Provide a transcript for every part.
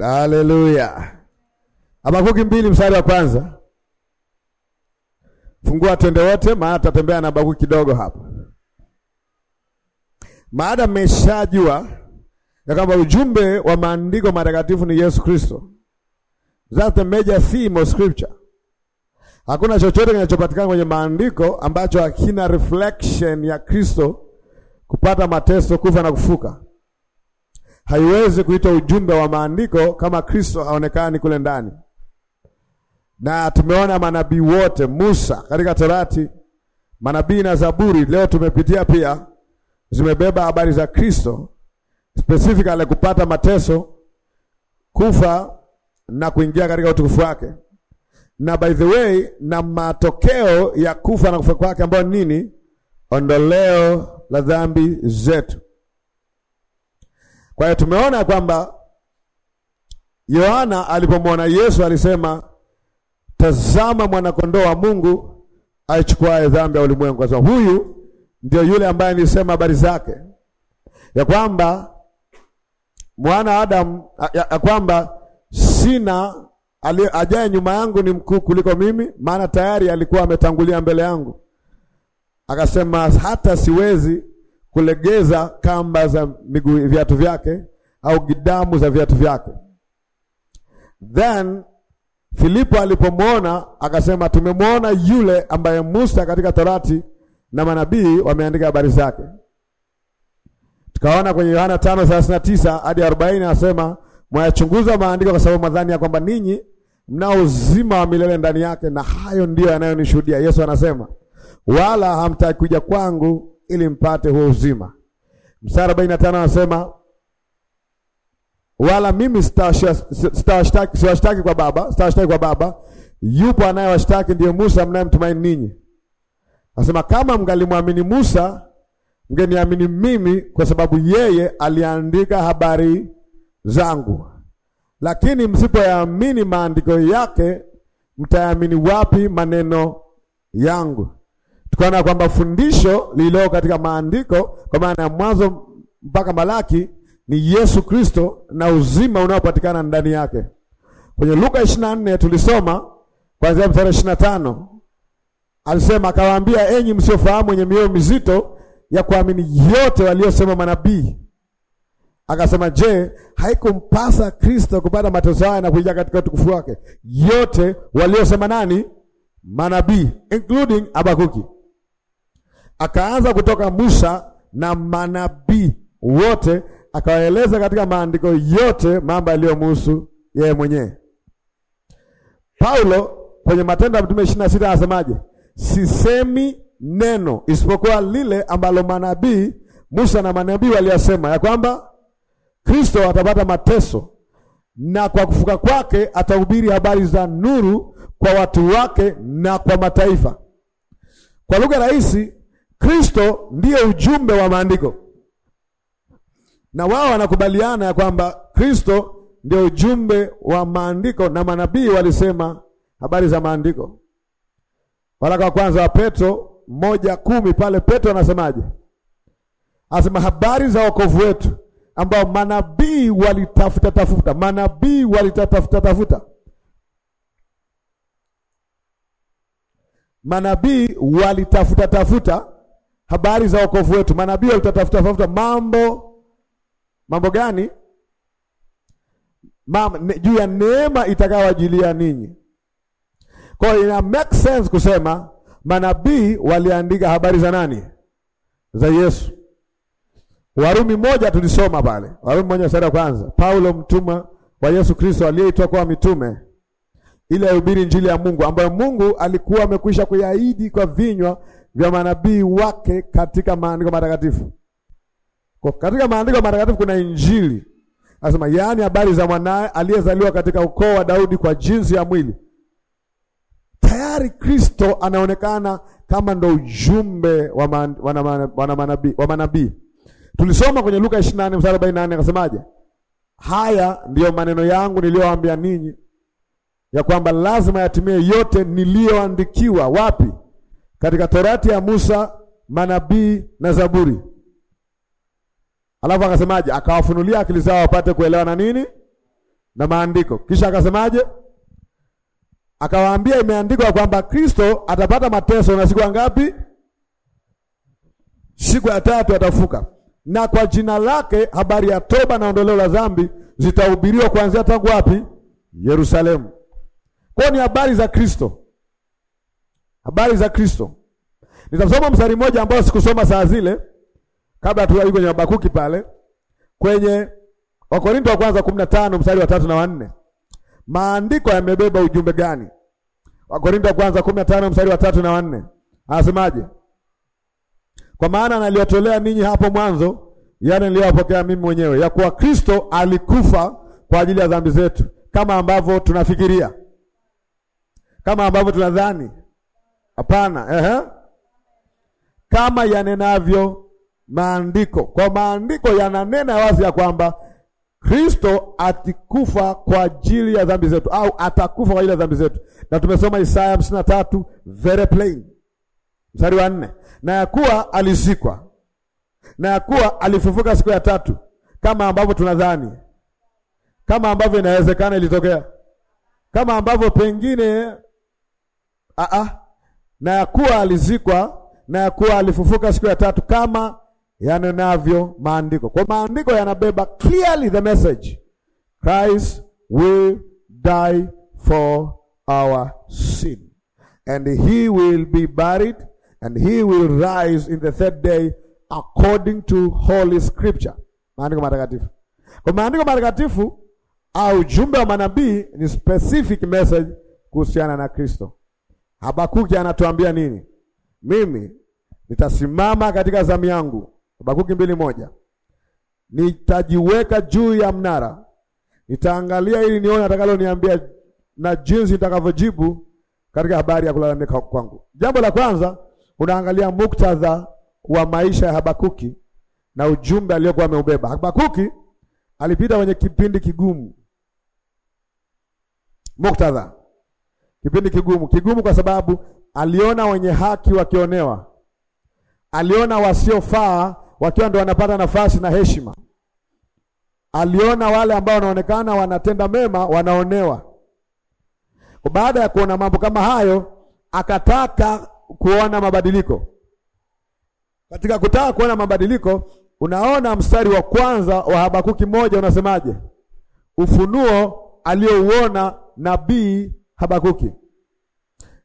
Haleluya. Habakuki mbili mstari wa kwanza. Fungua twende wote, maana tutatembea na Habakuki kidogo hapa. Maada mmeshajua ya kwamba ujumbe wa maandiko matakatifu ni Yesu Kristo. That's the major theme of scripture. Hakuna chochote kinachopatikana kwenye maandiko ambacho hakina reflection ya Kristo kupata mateso, kufa na kufuka haiwezi kuitwa ujumbe wa maandiko kama Kristo haonekani kule ndani. Na tumeona manabii wote, Musa katika Torati, manabii na Zaburi leo tumepitia pia, zimebeba habari za Kristo specifically kupata mateso, kufa na kuingia katika utukufu wake. Na by the way, na matokeo ya kufa na kufa kwake ambayo nini? Ondoleo la dhambi zetu. Kwa hiyo tumeona kwamba Yohana alipomwona Yesu alisema, tazama mwanakondoo wa Mungu aichukuaye dhambi ya ulimwengu. sababu huyu ndio yule ambaye nilisema habari zake ya kwamba mwana Adam ya, ya kwamba sina ajaye nyuma yangu ni mkuu kuliko mimi, maana tayari alikuwa ametangulia mbele yangu. Akasema hata siwezi kulegeza kamba za miguu viatu vyake au gidamu za viatu vyake. Then Filipo alipomwona akasema, tumemwona yule ambaye Musa katika Torati na manabii wameandika habari zake. Tukaona kwenye Yohana 5:39 hadi 40 anasema, mwayachunguza maandiko kwa sababu madhani ya kwamba ninyi mnao uzima wa milele ndani yake, na hayo ndiyo yanayonishuhudia. Yesu anasema, wala hamtakuja kwangu ili mpate huo uzima. Mstari 45 anasema wala mimi siwashtaki, sita kwa Baba, siwashtaki kwa Baba, yupo anayewashtaki ndiye Musa mnayemtumaini ninyi. Anasema kama mngalimwamini Musa, mngeniamini mimi, kwa sababu yeye aliandika habari zangu. Lakini msipoyaamini maandiko yake, mtayaamini wapi maneno yangu? Tukaona kwamba fundisho lilo katika maandiko kwa maana ya Mwanzo mpaka Malaki ni Yesu Kristo na uzima unaopatikana ndani yake. Kwenye Luka 24 tulisoma kuanzia mstari 25. Alisema akawaambia, enyi msiofahamu wenye mioyo mizito ya kuamini yote waliosema manabii. Akasema, je, haikumpasa Kristo kupata mateso haya na kuingia katika utukufu wake? Yote waliosema nani? Manabii, including Habakuki akaanza kutoka Musa na manabii wote, akawaeleza katika maandiko yote mambo yaliyomhusu yeye mwenyewe. Paulo kwenye Matendo ya Mitume 26 anasemaje? Sisemi neno isipokuwa lile ambalo manabii Musa na manabii waliyasema, ya kwamba Kristo atapata mateso na kwa kufuka kwake atahubiri habari za nuru kwa watu wake na kwa mataifa. Kwa lugha rahisi, Kristo ndiye ujumbe wa maandiko, na wao wanakubaliana ya kwamba Kristo ndio ujumbe wa maandiko, na manabii walisema habari za maandiko. Waraka wa kwanza wa Petro moja kumi pale Petro anasemaje? Asema habari za wokovu wetu ambao manabii walitafuta tafuta, manabii walitatafuta tafuta, manabii walitafuta tafuta habari za wokovu wetu. Manabii walitatafuta tafuta mambo mambo gani Mam, juu ya neema itakayowajilia ninyi. Kwa hiyo ina make sense kusema manabii waliandika habari za nani? Za Yesu. Warumi moja tulisoma pale, Warumi moja sura wa kwanza, Paulo mtumwa wa Yesu Kristo aliyeitwa kwa mitume ili ahubiri Injili ya Mungu ambayo Mungu alikuwa amekwisha kuyaahidi kwa vinywa vya manabii wake katika maandiko matakatifu. Kwa katika maandiko matakatifu kuna Injili. Anasema yaani habari za mwanae aliyezaliwa katika ukoo wa Daudi kwa jinsi ya mwili. Tayari Kristo anaonekana kama ndo ujumbe wa man, wana, wana, wana manabii, wa manabii. Tulisoma kwenye Luka 24 mstari 48 akasemaje? Haya ndiyo maneno yangu niliyowaambia ninyi ya kwamba lazima yatimie yote niliyoandikiwa wapi? katika Torati ya Musa, manabii na Zaburi. Alafu akasemaje? Akawafunulia akili zao wapate kuelewa na nini na maandiko. Kisha akasemaje? Akawaambia imeandikwa kwamba Kristo atapata mateso na siku ngapi? Siku ya tatu atafuka, na kwa jina lake habari ya toba na ondoleo la dhambi zitahubiriwa kuanzia tangu wapi? Yerusalemu. Kwa ni habari za Kristo habari za Kristo. Nitasoma mstari mmoja ambao sikusoma saa zile kabla tu kwenye Habakuki pale kwenye Wakorinto wa kwanza 15 mstari wa tatu na wanne. Maandiko yamebeba ujumbe gani? Wakorinto wa kwanza 15 mstari wa tatu na wanne anasemaje? Kwa maana naliotolea ninyi hapo mwanzo, yale niliyopokea mimi mwenyewe, ya kuwa Kristo alikufa kwa ajili ya dhambi zetu, kama ambavyo tunafikiria, kama ambavyo tunadhani Hapana, ehe, kama yanenavyo maandiko. Kwa maandiko yananena wazi ya kwamba Kristo atikufa kwa ajili ya dhambi zetu, au atakufa kwa ajili ya dhambi zetu, na tumesoma Isaya hamsini tatu very plain mstari wa nne, na ya kuwa alizikwa na ya kuwa alifufuka siku ya tatu, kama ambavyo tunadhani, kama ambavyo inawezekana ilitokea, kama ambavyo pengine a ah, a ah, na ya kuwa alizikwa na ya kuwa alifufuka siku ya tatu kama yanenavyo maandiko. Kwa maandiko yanabeba clearly the message. Christ will die for our sin and he will be buried and he will rise in the third day according to holy scripture. Maandiko matakatifu. Kwa maandiko matakatifu au ujumbe wa manabii ni specific message kuhusiana na Kristo. Habakuki anatuambia nini? Mimi nitasimama katika zamu yangu. Habakuki mbili moja, nitajiweka juu ya mnara, nitaangalia ili nione atakaloniambia na jinsi nitakavyojibu katika habari ya kulalamika kwangu. Jambo la kwanza, unaangalia muktadha wa maisha ya Habakuki na ujumbe aliyokuwa ameubeba. Habakuki alipita kwenye kipindi kigumu. Muktadha Kipindi kigumu, kigumu kwa sababu aliona wenye haki wakionewa, aliona wasiofaa wakiwa ndio wanapata nafasi na heshima, aliona wale ambao wanaonekana wanatenda mema wanaonewa. Baada ya kuona mambo kama hayo, akataka kuona mabadiliko. Katika kutaka kuona mabadiliko, unaona mstari wa kwanza wa Habakuki moja unasemaje? Ufunuo aliyouona nabii Habakuki.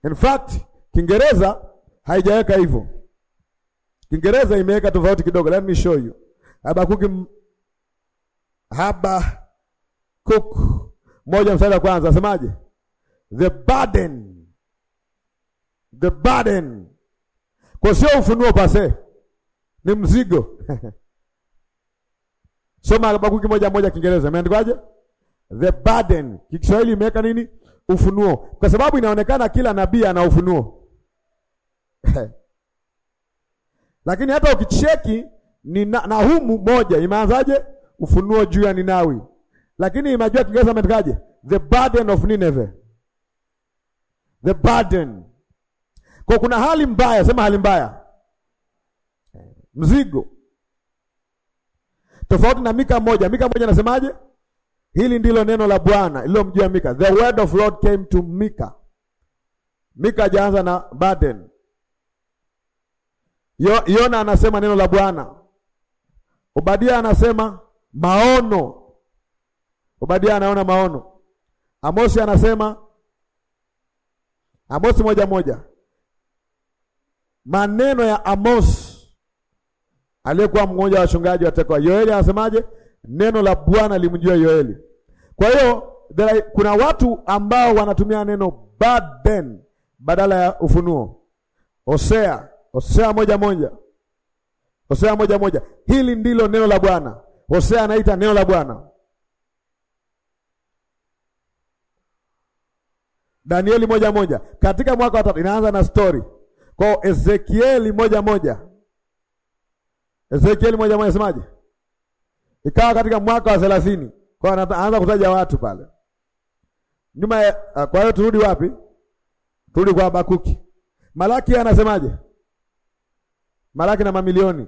In fact, Kiingereza haijaweka hivyo. Kiingereza imeweka tofauti kidogo. Let me show you. Habakuki Habakuk moja mstari wa kwanza asemaje? The burden. The burden. Kwa sio ufunuo pase. Ni mzigo. Soma Habakuki moja moja Kiingereza imeandikwaje? The burden. Kiswahili imeweka nini? ufunuo, kwa sababu inaonekana kila nabii ana ufunuo lakini hata ukicheki ni na, Nahumu moja imeanzaje ufunuo juu ya Ninawi, lakini imajua Kiingereza ametakaje the burden of Nineveh, the burden kwa kuna hali mbaya, sema hali mbaya, mzigo tofauti na Mika moja. Mika moja anasemaje? Hili ndilo neno la Bwana lililomjia Mika. The word of Lord came to Mika. Mika hajaanza na burden. Yona anasema neno la Bwana. Obadia anasema maono. Obadia anaona maono. Amosi anasema Amosi moja moja, maneno ya Amos aliyekuwa mmoja wa wachungaji Tekoa. Yoeli anasemaje? neno la Bwana limjua Yoeli. Kwa hiyo kuna watu ambao wanatumia neno bad then badala ya ufunuo. Hosea, Hosea moja moja, Hosea moja moja, hili ndilo neno la Bwana. Hosea anaita neno la Bwana. Danieli moja moja, katika mwaka wa tatu inaanza na story kwa Ezekieli moja moja, Ezekieli moja moja, semaje? ikawa katika mwaka wa thelathini. Kwa hiyo anaanza kutaja watu pale nyuma. Ah, kwa hiyo turudi wapi? Turudi kwa Habakuki. Malaki anasemaje? Malaki na mamilioni.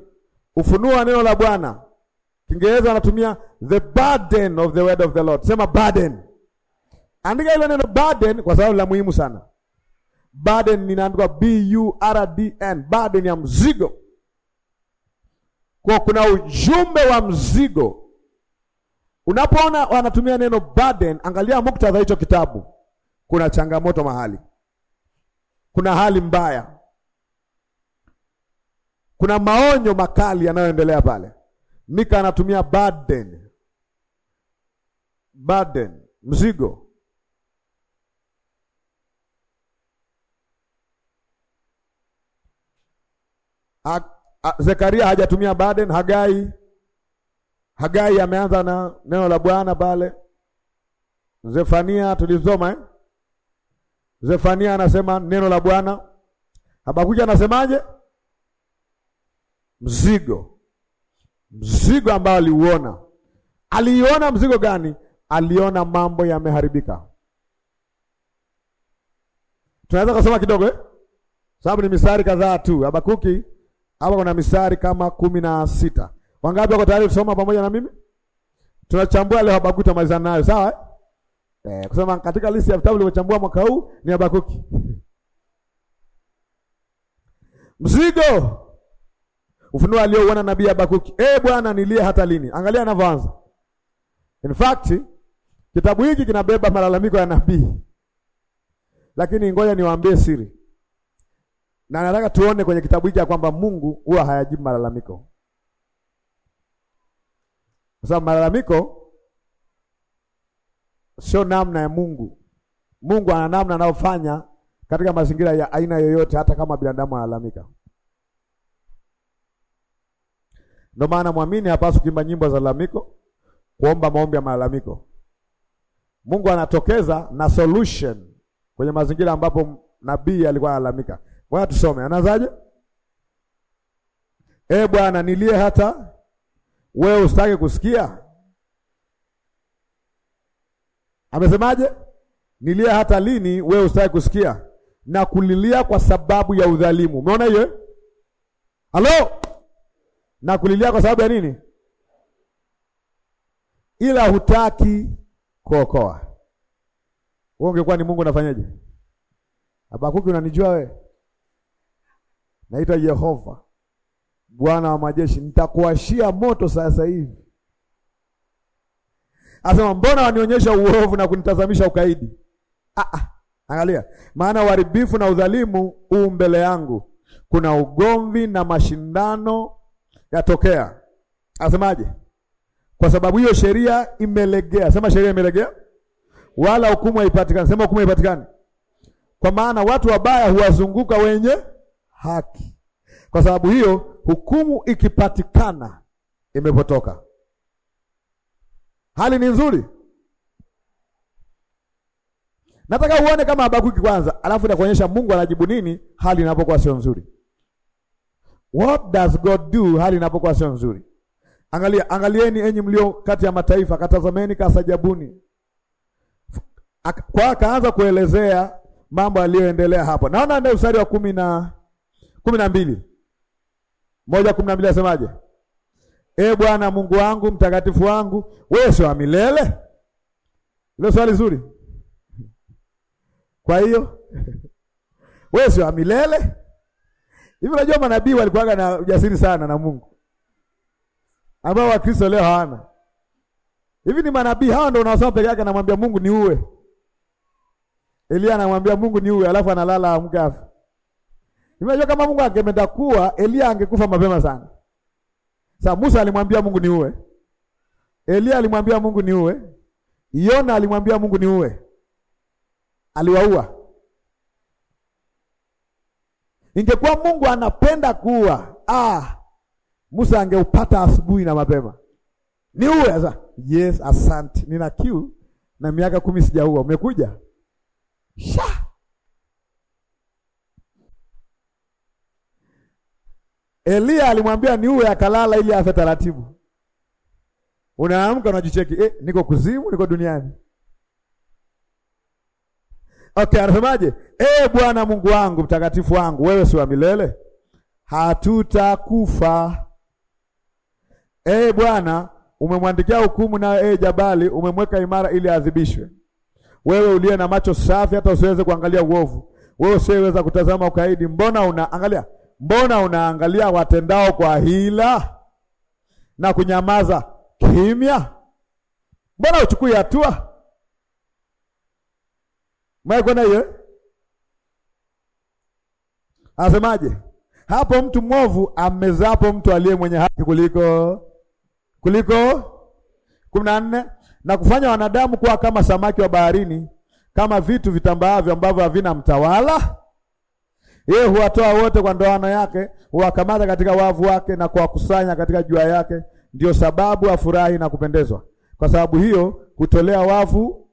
Ufunuo wa neno la Bwana, Kiingereza anatumia the burden of the word of the Lord. Sema burden, andika ile neno burden kwa sababu la muhimu sana. Burden linaandikwa B U R D N, burden ya mzigo kwa kuna ujumbe wa mzigo. Unapoona wanatumia neno burden, angalia muktadha hicho kitabu. Kuna changamoto mahali, kuna hali mbaya, kuna maonyo makali yanayoendelea pale. Mika anatumia burden, burden, mzigo. Ak Ah, Zekaria hajatumia burden. Hagai, Hagai ameanza na neno la Bwana pale. Zefania tulisoma eh? Zefania anasema neno la Bwana. Habakuki anasemaje? Mzigo, mzigo ambao aliuona. Aliiona mzigo gani? Aliona mambo yameharibika. Tunaweza kusoma kidogo eh? Sababu ni misari kadhaa tu. Habakuki hapa kuna mistari kama kumi na sita. Wangapi wako tayari kusoma pamoja na mimi? Tunachambua leo Habakuki, tutamalizana nayo sawa? Eh, Eh, kusema katika listi ya vitabu vilivyochambua mwaka huu ni Habakuki. Mzigo ufunuo aliouona nabii Habakuki. Eh, Bwana nilie hata lini? Angalia anavyoanza. In fact, kitabu hiki kinabeba malalamiko ya nabii, lakini ngoja niwaambie siri na nataka tuone kwenye kitabu hiki ya kwamba Mungu huwa hayajibu malalamiko, kwa sababu malalamiko sio namna ya Mungu. Mungu ana namna anayofanya katika mazingira ya aina yoyote, hata kama binadamu analalamika. Ndio maana mwamini hapaswi kuimba nyimbo za lalamiko, kuomba maombi ya malalamiko. Mungu anatokeza na solution kwenye mazingira ambapo nabii alikuwa analalamika. Ngoja tusome, anazaje? E Bwana, nilie hata wewe usitake kusikia. Amesemaje? Nilie hata lini wewe usitake kusikia, na kulilia kwa sababu ya udhalimu. Umeona hiyo? Eh? Halo, na kulilia kwa sababu ya nini? Ila hutaki kuokoa. Wewe ungekuwa ni Mungu, unafanyaje? Habakuki, unanijua wewe naitwa Yehova Bwana wa majeshi, nitakuashia moto sasa hivi. Asema, mbona wanionyesha uovu na kunitazamisha ukaidi? Ah, ah, angalia, maana uharibifu na udhalimu huu mbele yangu, kuna ugomvi na mashindano yatokea. Asemaje? Kwa sababu hiyo sheria imelegea. Sema sheria imelegea, wala hukumu haipatikani. Sema hukumu haipatikani, kwa maana watu wabaya huwazunguka wenye haki. Kwa sababu hiyo hukumu ikipatikana imepotoka. Hali ni nzuri. Nataka uone kama Habakuki kwanza, alafu nakuonyesha Mungu anajibu nini hali inapokuwa sio nzuri. What does God do hali inapokuwa sio nzuri? Angalia, angalieni enyi mlio kati ya mataifa, katazameni kasajabuni. Kwa akaanza kuelezea mambo yaliyoendelea hapo. Naona ndio usari wa kumi na kumi na mbili moja kumi na mbili asemaje? E Bwana Mungu wangu mtakatifu wangu, wewe si wa milele. Hilo swali zuri. Kwa hiyo wewe si wa milele hivi. Unajua manabii walikuwaga na ujasiri sana na Mungu ambao Wakristo leo hawana. Hivi ni manabii hawa ndio unaosoma peke yake, anamwambia Mungu ni uwe. Elia anamwambia Mungu ni uwe, alafu analala amkafu Unajua kama Mungu angependa kuwa Elia angekufa mapema sana. Sasa Musa alimwambia Mungu ni uwe. Elia alimwambia Mungu ni uwe. Yona alimwambia Mungu ni uwe. Aliwaua. Ingekuwa Mungu anapenda kuwa, ah, Musa angeupata asubuhi na mapema. Ni uwe sasa. Yes, asante. Nina kiu na miaka kumi sijaua. Umekuja? Shaa. Elia alimwambia ni uwe, akalala ili afe taratibu. Unaamka unajicheki, eh, niko kuzimu, niko duniani. Okay, anasemaje? Eh, Bwana Mungu wangu, mtakatifu wangu, wewe si wa milele, hatutakufa. Eh, Bwana umemwandikia hukumu, na eh, jabali umemweka imara ili adhibishwe. Wewe uliye na macho safi hata usiweze kuangalia uovu, wewe usiweza kutazama ukaidi, mbona una angalia mbona unaangalia watendao kwa hila na kunyamaza kimya? Mbona uchukui hatua? Mwakwenda hiyo eh? asemaje? Hapo mtu mwovu amezapo mtu aliye mwenye haki kuliko kuliko kumi na nne na kufanya wanadamu kuwa kama samaki wa baharini, kama vitu vitambaavyo ambavyo havina mtawala yeye huwatoa wote kwa ndoano yake, huwakamata katika wavu wake na kuwakusanya katika jua yake. Ndio sababu afurahi na kupendezwa. Kwa sababu hiyo hutolea wavu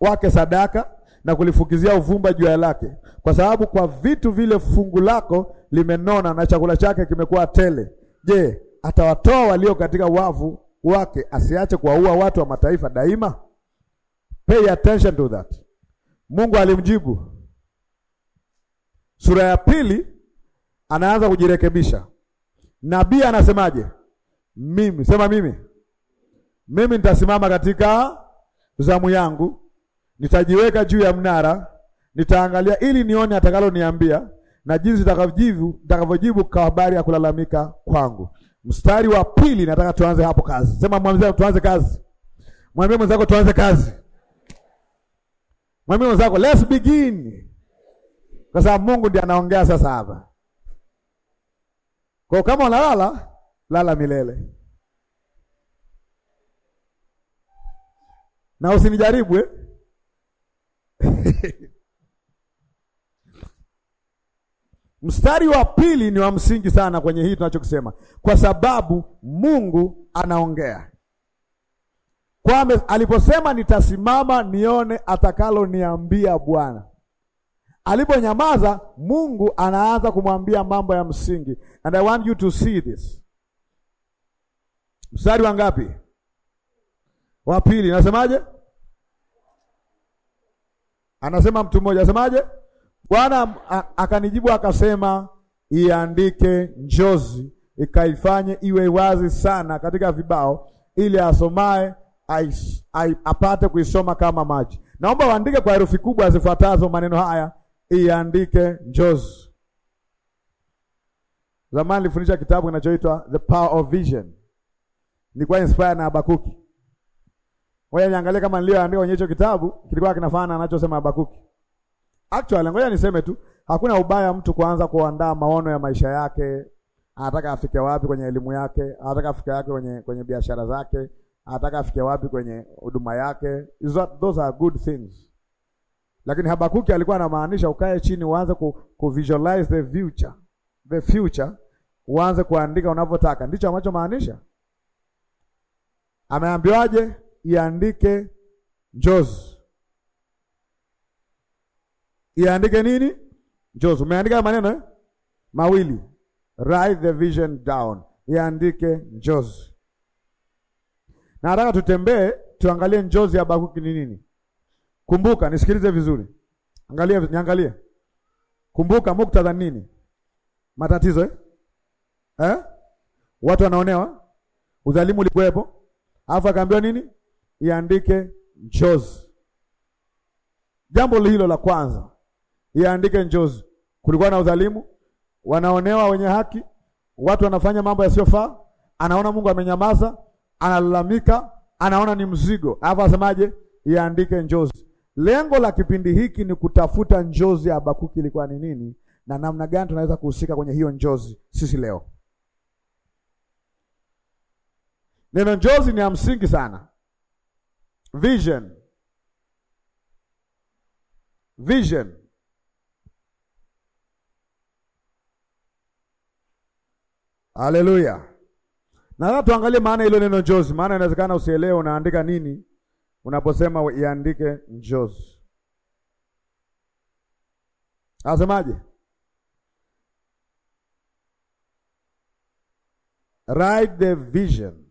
wake sadaka na kulifukizia uvumba jua lake, kwa sababu kwa vitu vile fungu lako limenona na chakula chake kimekuwa tele. Je, atawatoa walio katika wavu wake asiache kuwaua watu wa mataifa daima? Pay attention to that. Mungu alimjibu Sura ya pili anaanza kujirekebisha. Nabii anasemaje? Mimi sema mimi, mimi nitasimama katika zamu yangu, nitajiweka juu ya mnara, nitaangalia ili nione atakaloniambia na jinsi nitakavyojibu nitakavyojibu kwa habari ya kulalamika kwangu. Mstari wa pili, nataka tuanze hapo kazi. Sema mwambie, tuanze kazi. Mwambie mwenzako tuanze kazi. Mwambie mwenzako let's begin kwa sababu Mungu ndiye anaongea sasa hapa. Kwa kama unalala lala milele, na usinijaribu eh? Mstari wa pili ni wa msingi sana kwenye hii tunachokisema, kwa sababu Mungu anaongea kwa aliposema, nitasimama nione atakaloniambia Bwana. Aliponyamaza, Mungu anaanza kumwambia mambo ya msingi. And I want you to see this. Mstari wa ngapi? Wa pili, nasemaje? Anasema mtu mmoja, asemaje? Bwana akanijibu akasema, iandike njozi, ikaifanye iwe wazi sana katika vibao, ili asomae apate kuisoma kama maji. Naomba waandike kwa herufi kubwa zifuatazo maneno haya iandike njozi. Zamani nilifundisha kitabu kinachoitwa The Power of Vision, nilikuwa inspired na Habakuki. Ngoja niangalie kama nilioandika kwenye hicho kitabu kilikuwa kinafanana anachosema Habakuki. Actually, ngoja niseme tu, hakuna ubaya mtu kuanza kuandaa maono ya maisha yake, anataka afike wapi kwenye elimu yake, anataka afike yake kwenye kwenye biashara zake, anataka afike wapi kwenye huduma yake. Those are good things. Lakini Habakuki alikuwa anamaanisha ukae chini uanze ku, ku visualize the future. The future uanze kuandika unavyotaka. Ndicho ambacho maanisha. Ameambiwaje iandike njozi. Iandike nini? Njozi. Umeandika maneno eh? Mawili. Write the vision down. Iandike njozi. Nataka tutembee tuangalie njozi ya Habakuki ni nini? Kumbuka, nisikilize vizuri, angalia, niangalie. Kumbuka muktadha nini? Matatizo eh? Eh? Watu wanaonewa, udhalimu ulikuwepo, alafu akaambiwa nini? Iandike njozi. Jambo hilo la kwanza, iandike njozi. Kulikuwa na udhalimu, wanaonewa wenye haki, watu wanafanya mambo yasiyofaa, anaona Mungu amenyamaza, analalamika, anaona ni mzigo, alafu asemaje? Iandike njozi. Lengo la kipindi hiki ni kutafuta njozi ya Habakuki ilikuwa ni nini na namna gani tunaweza kuhusika kwenye hiyo njozi sisi leo. Neno njozi ni ya msingi sana. Vision. Vision. Haleluya. Na tuangalie maana ilo neno njozi, maana inawezekana usielewe unaandika nini unaposema iandike njozi, anasemaje? Write the vision.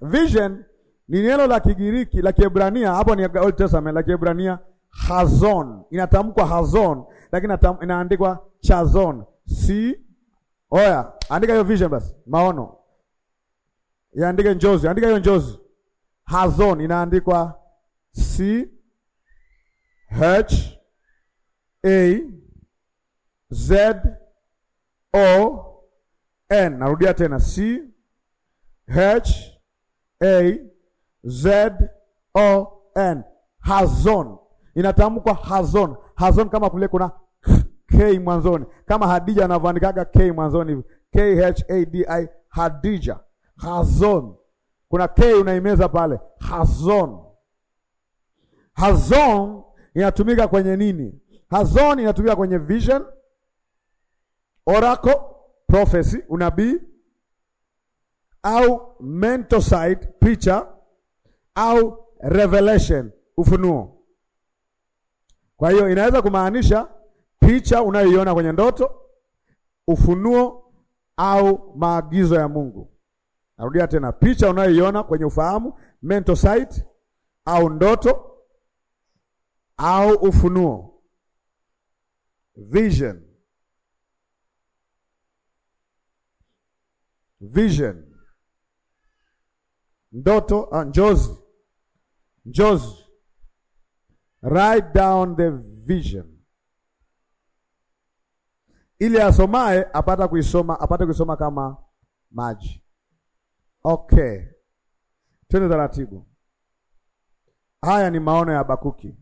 Vision ni neno la Kigiriki la Kiebrania, hapo ni Old Testament la Kiebrania hazon, inatamkwa hazon, lakini inaandikwa chazon. Si oya, andika hiyo vision basi, maono. Iandike njozi, andika hiyo njozi Hazon inaandikwa C H A Z O N. Narudia tena C H A Z O N. Hazon inatamkwa Hazon. Hazon kama kule kuna K mwanzoni, kama Hadija anavyoandikaga K mwanzoni hivi, K H A D I Hadija. Hazon kuna k unaimeza pale, hazon. Hazon inatumika kwenye nini? Hazon inatumika kwenye vision, oracle, prophecy, unabii au mental sight, picha au revelation, ufunuo. Kwa hiyo inaweza kumaanisha picha unayoiona kwenye ndoto, ufunuo au maagizo ya Mungu. Narudia tena, picha unayoiona kwenye ufahamu, mental sight au ndoto au ufunuo, vision, vision, ndoto, uh, njozi, njozi. Write down the vision ili asomae apata kuisoma, apate kuisoma kama maji. Okay, twende taratibu. Haya ni maono ya Habakuki.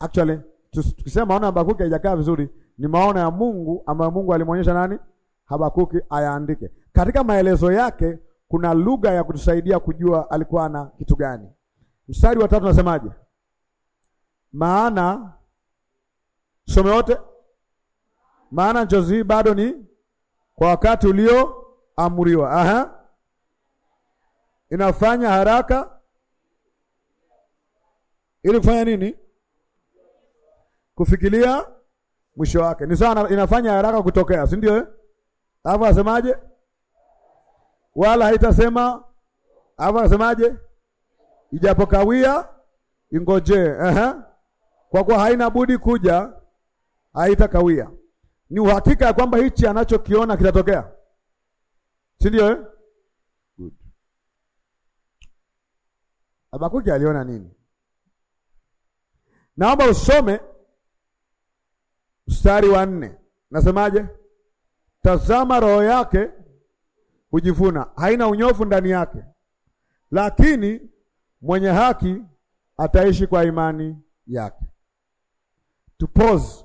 Actually tukisema maono ya Habakuki haijakaa vizuri, ni maono ya Mungu ambayo Mungu alimwonyesha nani? Habakuki ayaandike. Katika maelezo yake kuna lugha ya kutusaidia kujua alikuwa na kitu gani. Mstari wa tatu unasemaje? Maana some wote, maana njozi bado ni kwa wakati ulio amriwa. Aha, inafanya haraka ili kufanya nini? kufikilia mwisho wake. Ni sawa, inafanya haraka kutokea, si ndio? Eh, hapo asemaje? Wala haitasema. Hapo asemaje? Ijapokawia ingojee. Aha, kwa kuwa haina budi kuja, haitakawia. Ni uhakika ya kwamba hichi anachokiona kitatokea si ndio eh? Good. Habakuki aliona nini? Naomba usome mstari wa nne. Nasemaje? Tazama, roho yake hujivuna, haina unyofu ndani yake, lakini mwenye haki ataishi kwa imani yake. pause.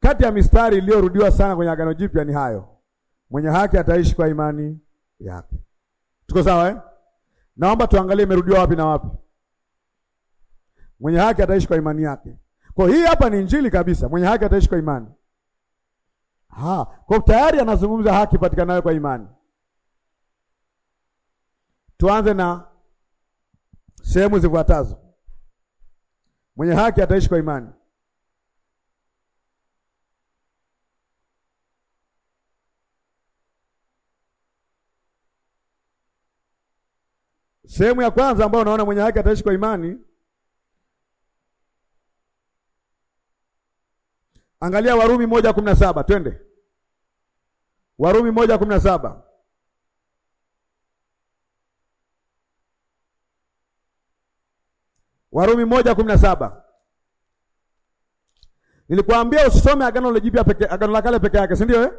Kati ya mistari iliyorudiwa sana kwenye Agano Jipya ni hayo mwenye haki ataishi kwa imani yake. Tuko sawa eh? Naomba tuangalie imerudiwa wapi na wapi. Mwenye haki ataishi kwa imani yake. Kwa hii hapa ni injili kabisa, mwenye haki ataishi kwa imani. Ha, kwa tayari anazungumza haki patikanayo kwa imani. Tuanze na sehemu zifuatazo. Mwenye haki ataishi kwa imani. Sehemu ya kwanza ambayo unaona mwenye haki ataishi kwa imani, angalia Warumi moja kumi na saba twende Warumi moja kumi na saba Warumi moja kumi na saba Nilikuambia usisome agano la jipya peke, agano la kale peke yake, si ndio eh?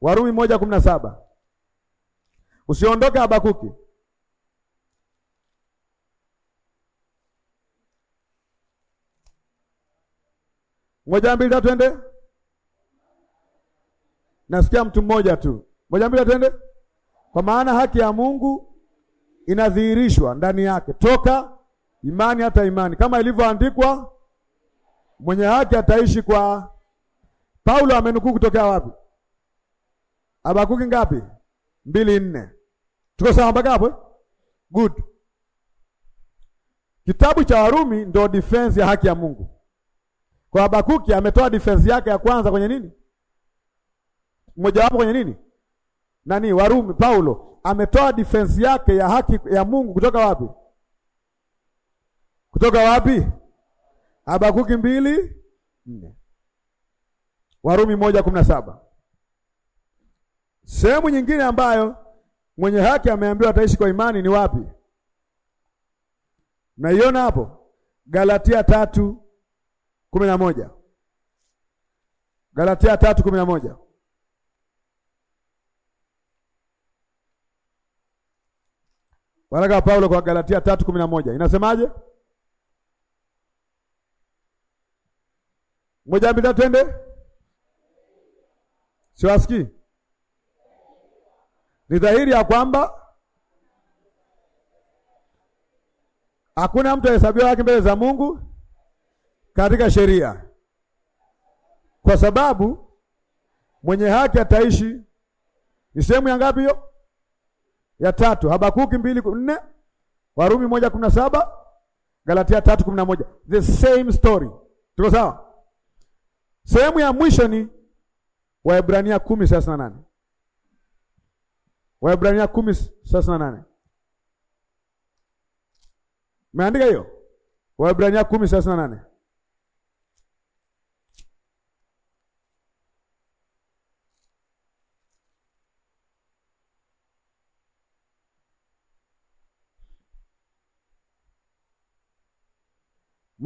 Warumi moja kumi na saba usiondoke Habakuki Moja mbili tatu, ende Nasikia mtu mmoja tu. Moja mbili tatu, ende. Kwa maana haki ya Mungu inadhihirishwa ndani yake toka imani hata imani, kama ilivyoandikwa, mwenye haki ataishi kwa. Paulo amenukuu kutokea wapi? Habakuki ngapi? mbili nne. Tuko sawa mpaka hapo? Eh? Good. Kitabu cha Warumi ndo defense ya haki ya Mungu. Kwa Habakuki ametoa defense yake ya kwanza kwenye nini? wapo kwenye nini? Nani? Warumi. Paulo ametoa defense yake ya haki ya Mungu kutoka wapi? Kutoka wapi? Habakuki mbili nne. Warumi moja kumi na saba. Sehemu nyingine ambayo mwenye haki ameambiwa ataishi kwa imani ni wapi? Naiona hapo Galatia tatu kumi na moja Galatia tatu kumi na moja waraka wa Paulo kwa Galatia tatu kumi na moja inasemaje? moja mbili tatu, twende. Siwasikii. Ni dhahiri ya kwamba hakuna mtu ahesabiwa haki mbele za Mungu katika sheria, kwa sababu mwenye haki ataishi. Ni sehemu ya ngapi hiyo? Ya tatu. Habakuki mbili nne, Warumi moja kumi na saba, Galatia tatu kumi na moja. The same story. Tuko sawa? Sehemu ya mwisho ni Waebrania kumi thelathini na nane. Waebrania kumi thelathini na nane. Umeandika hiyo? Waebrania kumi thelathini na nane.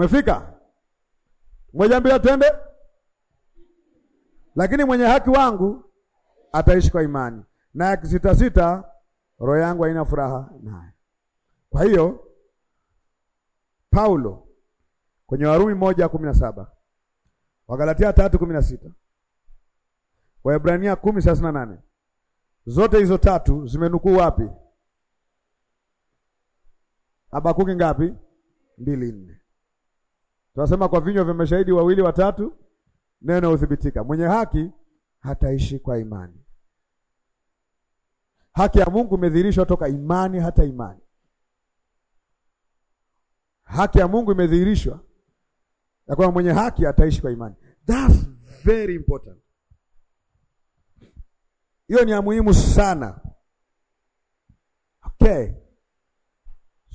Umefika? Ngoja mbele twende. Lakini mwenye haki wangu ataishi kwa imani, na akisitasita, roho yangu haina furaha naye. Kwa hiyo Paulo kwenye Warumi moja kumi na saba Wagalatia tatu kumi na sita Waebrania kumi thelathini na nane zote hizo tatu zimenukuu wapi? Habakuki ngapi? mbili nne. Tunasema kwa vinywa vya mashahidi wawili watatu neno huthibitika. Mwenye haki hataishi kwa imani. Haki ya Mungu imedhihirishwa toka imani hata imani. Haki ya Mungu imedhihirishwa ya kwamba mwenye haki ataishi kwa imani. That's very important. Hiyo ni ya muhimu sana. Okay.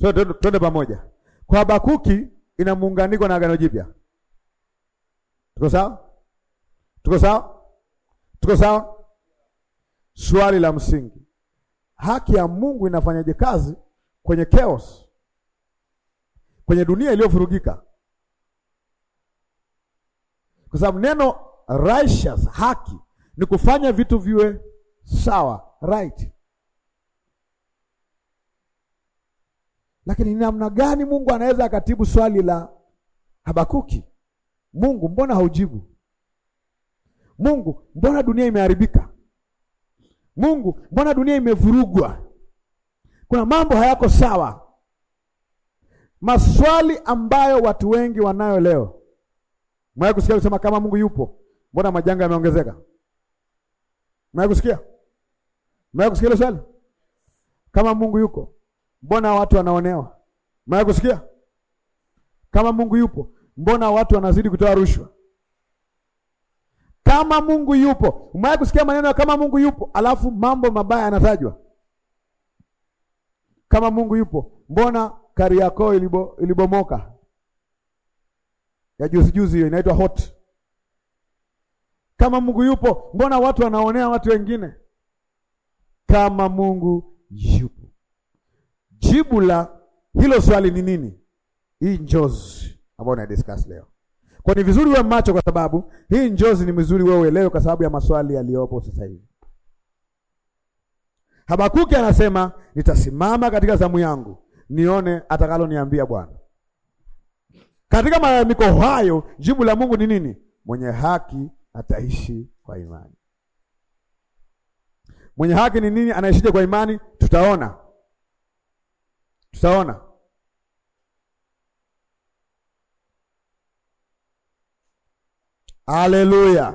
So twende pamoja. Kwa Habakuki ina muunganiko na Agano Jipya. Tuko sawa? Tuko sawa? Tuko sawa? Swali la msingi, haki ya Mungu inafanyaje kazi kwenye chaos, kwenye dunia iliyovurugika? Kwa sababu neno righteous, haki, ni kufanya vitu viwe sawa, right Lakini ni namna gani Mungu anaweza akatibu swali la Habakuki? Mungu, mbona haujibu? Mungu, mbona dunia imeharibika? Mungu, mbona dunia imevurugwa? Kuna mambo hayako sawa. Maswali ambayo watu wengi wanayo leo. Mwaya kusikia kusema kama Mungu yupo, mbona majanga yameongezeka? Mwaya kusikia? Mwaya kusikia swali? Kama Mungu yuko, mbona watu wanaonewa? Maya kusikia kama Mungu yupo, mbona watu wanazidi kutoa rushwa? Kama Mungu yupo, maya kusikia maneno kama Mungu yupo, alafu mambo mabaya yanatajwa. Kama Mungu yupo, mbona yako ilibo, ilibomoka ya juzi juzi, hiyo inaitwa hot. Kama Mungu yupo, mbona watu wanaonea watu wengine? Kama Mungu yupo Jibu la hilo swali ni nini? Hii njozi ambayo na discuss leo. Kwa ni vizuri wewe macho, kwa sababu hii njozi ni mzuri wewe uelewe, kwa sababu ya maswali yaliyopo sasa hivi. Habakuki anasema nitasimama katika zamu yangu nione atakaloniambia Bwana. Katika malalamiko hayo, jibu la Mungu ni nini? Mwenye haki ataishi kwa imani. Mwenye haki ni nini? Anaishije kwa imani? Tutaona. Tutaona haleluya.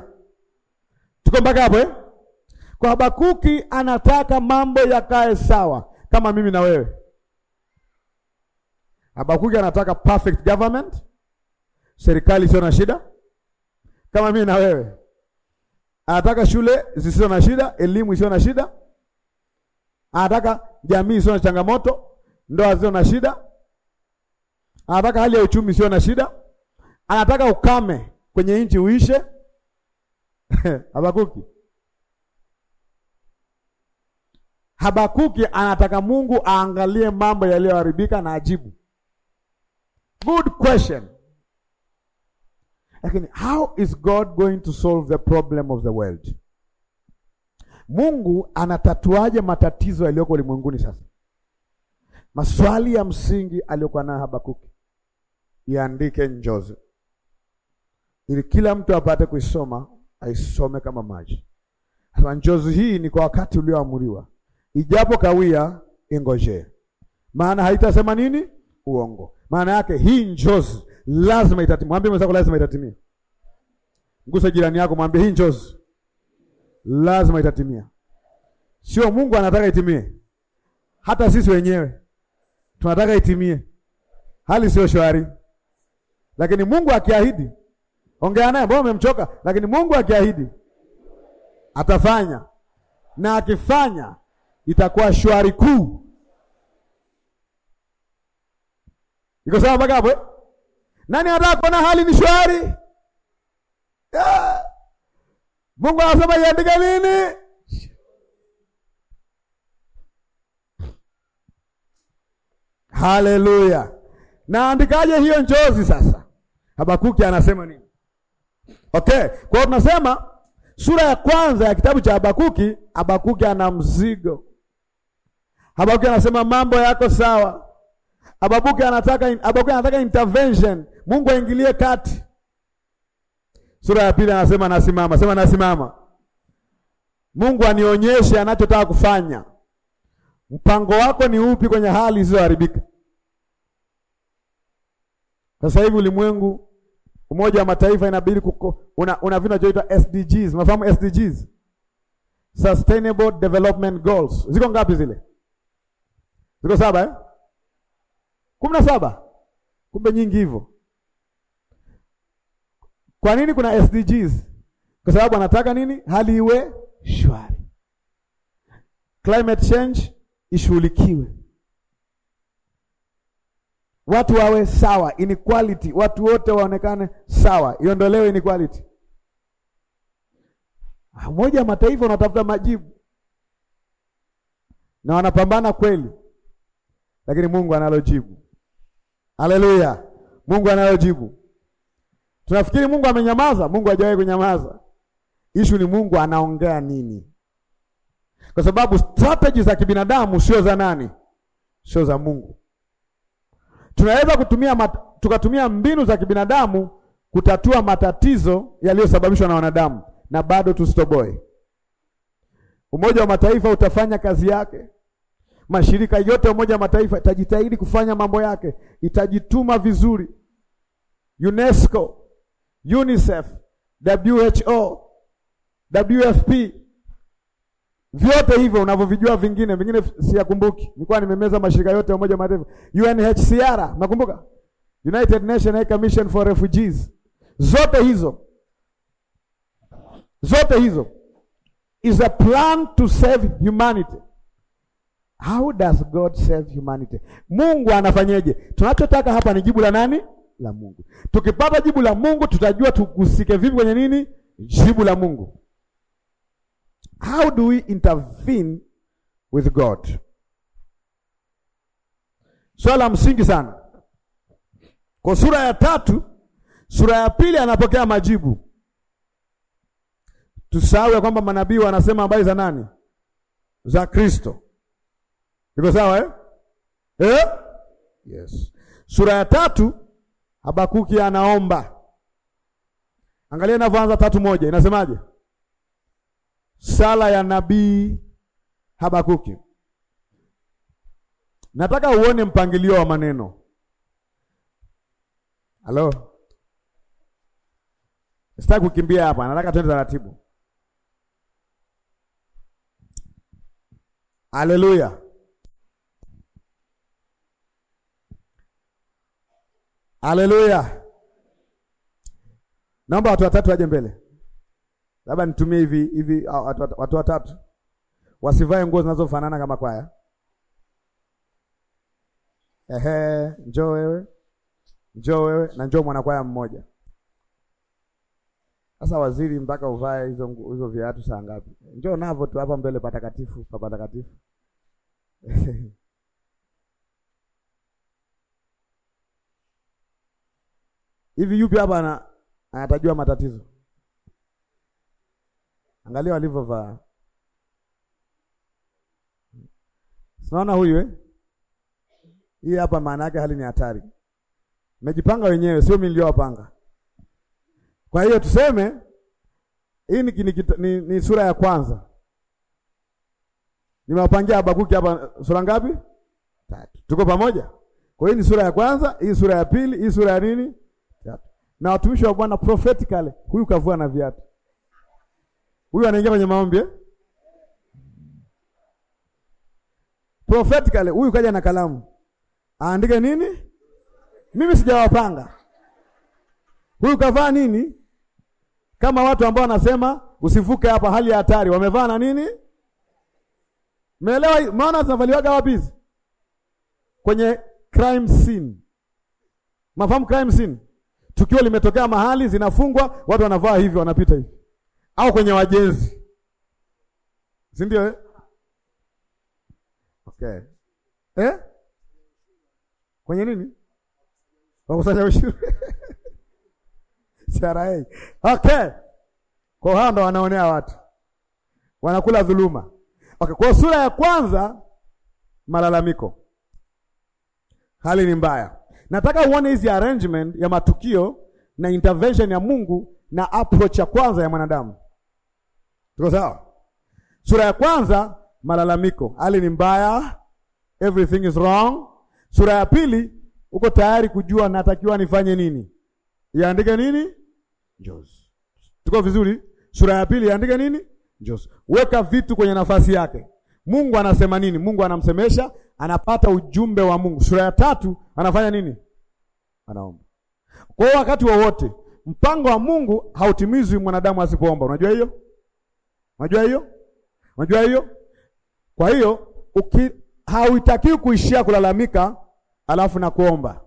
Tuko mpaka hapo eh? Kwa Habakuki anataka mambo yakae sawa kama mimi na wewe. Habakuki anataka perfect government, serikali isiyo na shida kama mimi na wewe. Anataka shule zisizo na shida, elimu isiyo na shida, anataka jamii isiyo na changamoto ndoa zio na shida, anataka hali ya uchumi sio na shida, anataka ukame kwenye nchi uishe. Habakuki, Habakuki anataka Mungu aangalie mambo yaliyoharibika na ajibu. Good question. Lakini how is God going to solve the problem of the world? Mungu anatatuaje matatizo yaliyoko ulimwenguni sasa? Maswali ya msingi aliyokuwa nayo Habakuki iandike njozi, ili kila mtu apate kuisoma, aisome kama maji. Sasa njozi hii ni kwa wakati ulioamuriwa, ijapo kawia, ingojee, maana haitasema nini uongo. Maana yake hii njozi lazima itatimia. Mwambie mwenzako lazima itatimia. Ngusa jirani yako, mwambie hii njozi lazima itatimia. Sio Mungu anataka itimie, hata sisi wenyewe tunataka itimie. Hali sio shwari, lakini Mungu akiahidi, ongea naye, mbona umemchoka? Lakini Mungu akiahidi atafanya, na akifanya itakuwa shwari kuu. Iko sawa mpaka hapo eh? Nani anataka kuona hali ni shwari? Yeah. Mungu anasema iandike nini? Haleluya. Naandikaje hiyo njozi sasa? Habakuki anasema nini? Okay, kwa hiyo tunasema sura ya kwanza ya kitabu cha Habakuki, Habakuki ana mzigo. Habakuki anasema mambo yako sawa. Habakuki anataka Habakuki anataka intervention, Mungu aingilie kati. Sura ya pili anasema nasimama, sema nasimama. Mungu anionyeshe anachotaka kufanya. Mpango wako ni upi kwenye hali isiyoharibika? Sasa hivi ulimwengu, Umoja wa Mataifa inabidi kuko, una, una vitu vinavyoitwa SDGs. Unafahamu SDGs? Sustainable Development Goals. Ziko ngapi zile? Ziko saba eh? Kumi na saba. Kumbe nyingi hivyo. Kwa nini kuna SDGs? Kwa sababu anataka nini? Hali iwe shwari. Climate change ishughulikiwe, watu wawe sawa, inequality, watu wote waonekane sawa, iondolewe inequality. Ah, Umoja wa Mataifa unatafuta majibu na wanapambana kweli, lakini Mungu analojibu. Haleluya, Mungu analojibu. Tunafikiri Mungu amenyamaza. Mungu hajawahi kunyamaza. Ishu ni Mungu anaongea nini? kwa sababu strategy za kibinadamu sio za nani, sio za Mungu. Tunaweza kutumia mat, tukatumia mbinu za kibinadamu kutatua matatizo yaliyosababishwa na wanadamu na bado tusitoboe. Umoja wa Mataifa utafanya kazi yake, mashirika yote ya Umoja wa Mataifa itajitahidi kufanya mambo yake, itajituma vizuri. UNESCO, UNICEF, WHO, WFP vyote hivyo unavyovijua vingine vingine siyakumbuki. Nilikuwa nimemeza mashirika yote ya Umoja Mataifa, UNHCR, nakumbuka United Nations High Commission for Refugees, zote hizo zote hizo is a plan to save humanity. How does God save humanity? Mungu anafanyeje? Tunachotaka hapa ni jibu la nani? La Mungu. Tukipata jibu la Mungu tutajua tugusike vipi kwenye nini? Jibu la Mungu. How do we intervene with God? Swala msingi sana. Kwa sura ya tatu, sura ya pili anapokea majibu. Tusahau ya kwamba manabii wanasema habari za nani? Za Kristo. Iko sawa eh? Eh? Yes. Sura ya tatu Habakuki anaomba. Angalia inavyoanza tatu moja inasemaje? sala ya nabii Habakuki. Nataka uone mpangilio wa maneno. Halo. Sitaki kukimbia hapa, nataka twende taratibu. Haleluya. Haleluya. Naomba watu watatu waje mbele. Labda nitumie hivi hivi, watu watatu wasivae nguo zinazofanana kama kwaya. Ehe, njoo wewe, njoo wewe na njoo mwanakwaya mmoja. Sasa waziri, mpaka uvae hizo hizo viatu saa ngapi? Njoo navyo tu hapa mbele patakatifu, pa patakatifu hivi yupi hapa anatajua matatizo Angalia walivyovaa. Sinaona huyu eh? Hii hapa maana yake hali ni hatari. Mmejipanga wenyewe, sio mimi niliyowapanga. Kwa hiyo tuseme hii ni, ni, ni, ni sura ya kwanza. Nimewapangia Habakuki hapa sura ngapi? Tatu. Tuko pamoja? Kwa hiyo ni sura ya kwanza, hii sura ya pili, hii sura ya nini? Tatu. Na watumishi wa Bwana prophetically, huyu kavua na viatu. Huyu anaingia kwenye maombi eh? Prophetically huyu kaja na kalamu. Aandike nini? Mimi sijawapanga. Huyu kavaa nini? Kama watu ambao wanasema usivuke hapa, hali ya hatari, wamevaa na nini? Meelewa maana zinavaliwaga wapi hizi? Kwenye crime scene. Mafahamu crime scene? Tukio limetokea mahali, zinafungwa, watu wanavaa hivyo, wanapita hivi au kwenye wajenzi, si ndio eh? Okay. Eh? Kwenye nini wakusanya ushuru CRA. Okay. Kwa hao ndo wanaonea watu wanakula dhuluma. Okay, kwa sura ya kwanza malalamiko, hali ni mbaya. Nataka uone hizi arrangement ya matukio na intervention ya Mungu na approach ya kwanza ya mwanadamu. Tuko sawa? Sura ya kwanza malalamiko, hali ni mbaya, everything is wrong. Sura ya pili uko tayari kujua natakiwa nifanye nini, iandike nini njozi. Tuko vizuri? Sura ya pili iandike nini njozi, weka vitu kwenye nafasi yake. Mungu anasema nini? Mungu anamsemesha, anapata ujumbe wa Mungu. Sura ya tatu anafanya nini? Anaomba. Kwa hiyo wakati wowote wa mpango wa Mungu hautimizwi mwanadamu asipoomba. Unajua hiyo? Unajua hiyo? Unajua hiyo? Kwa hiyo hauitakiwi kuishia kulalamika alafu na kuomba.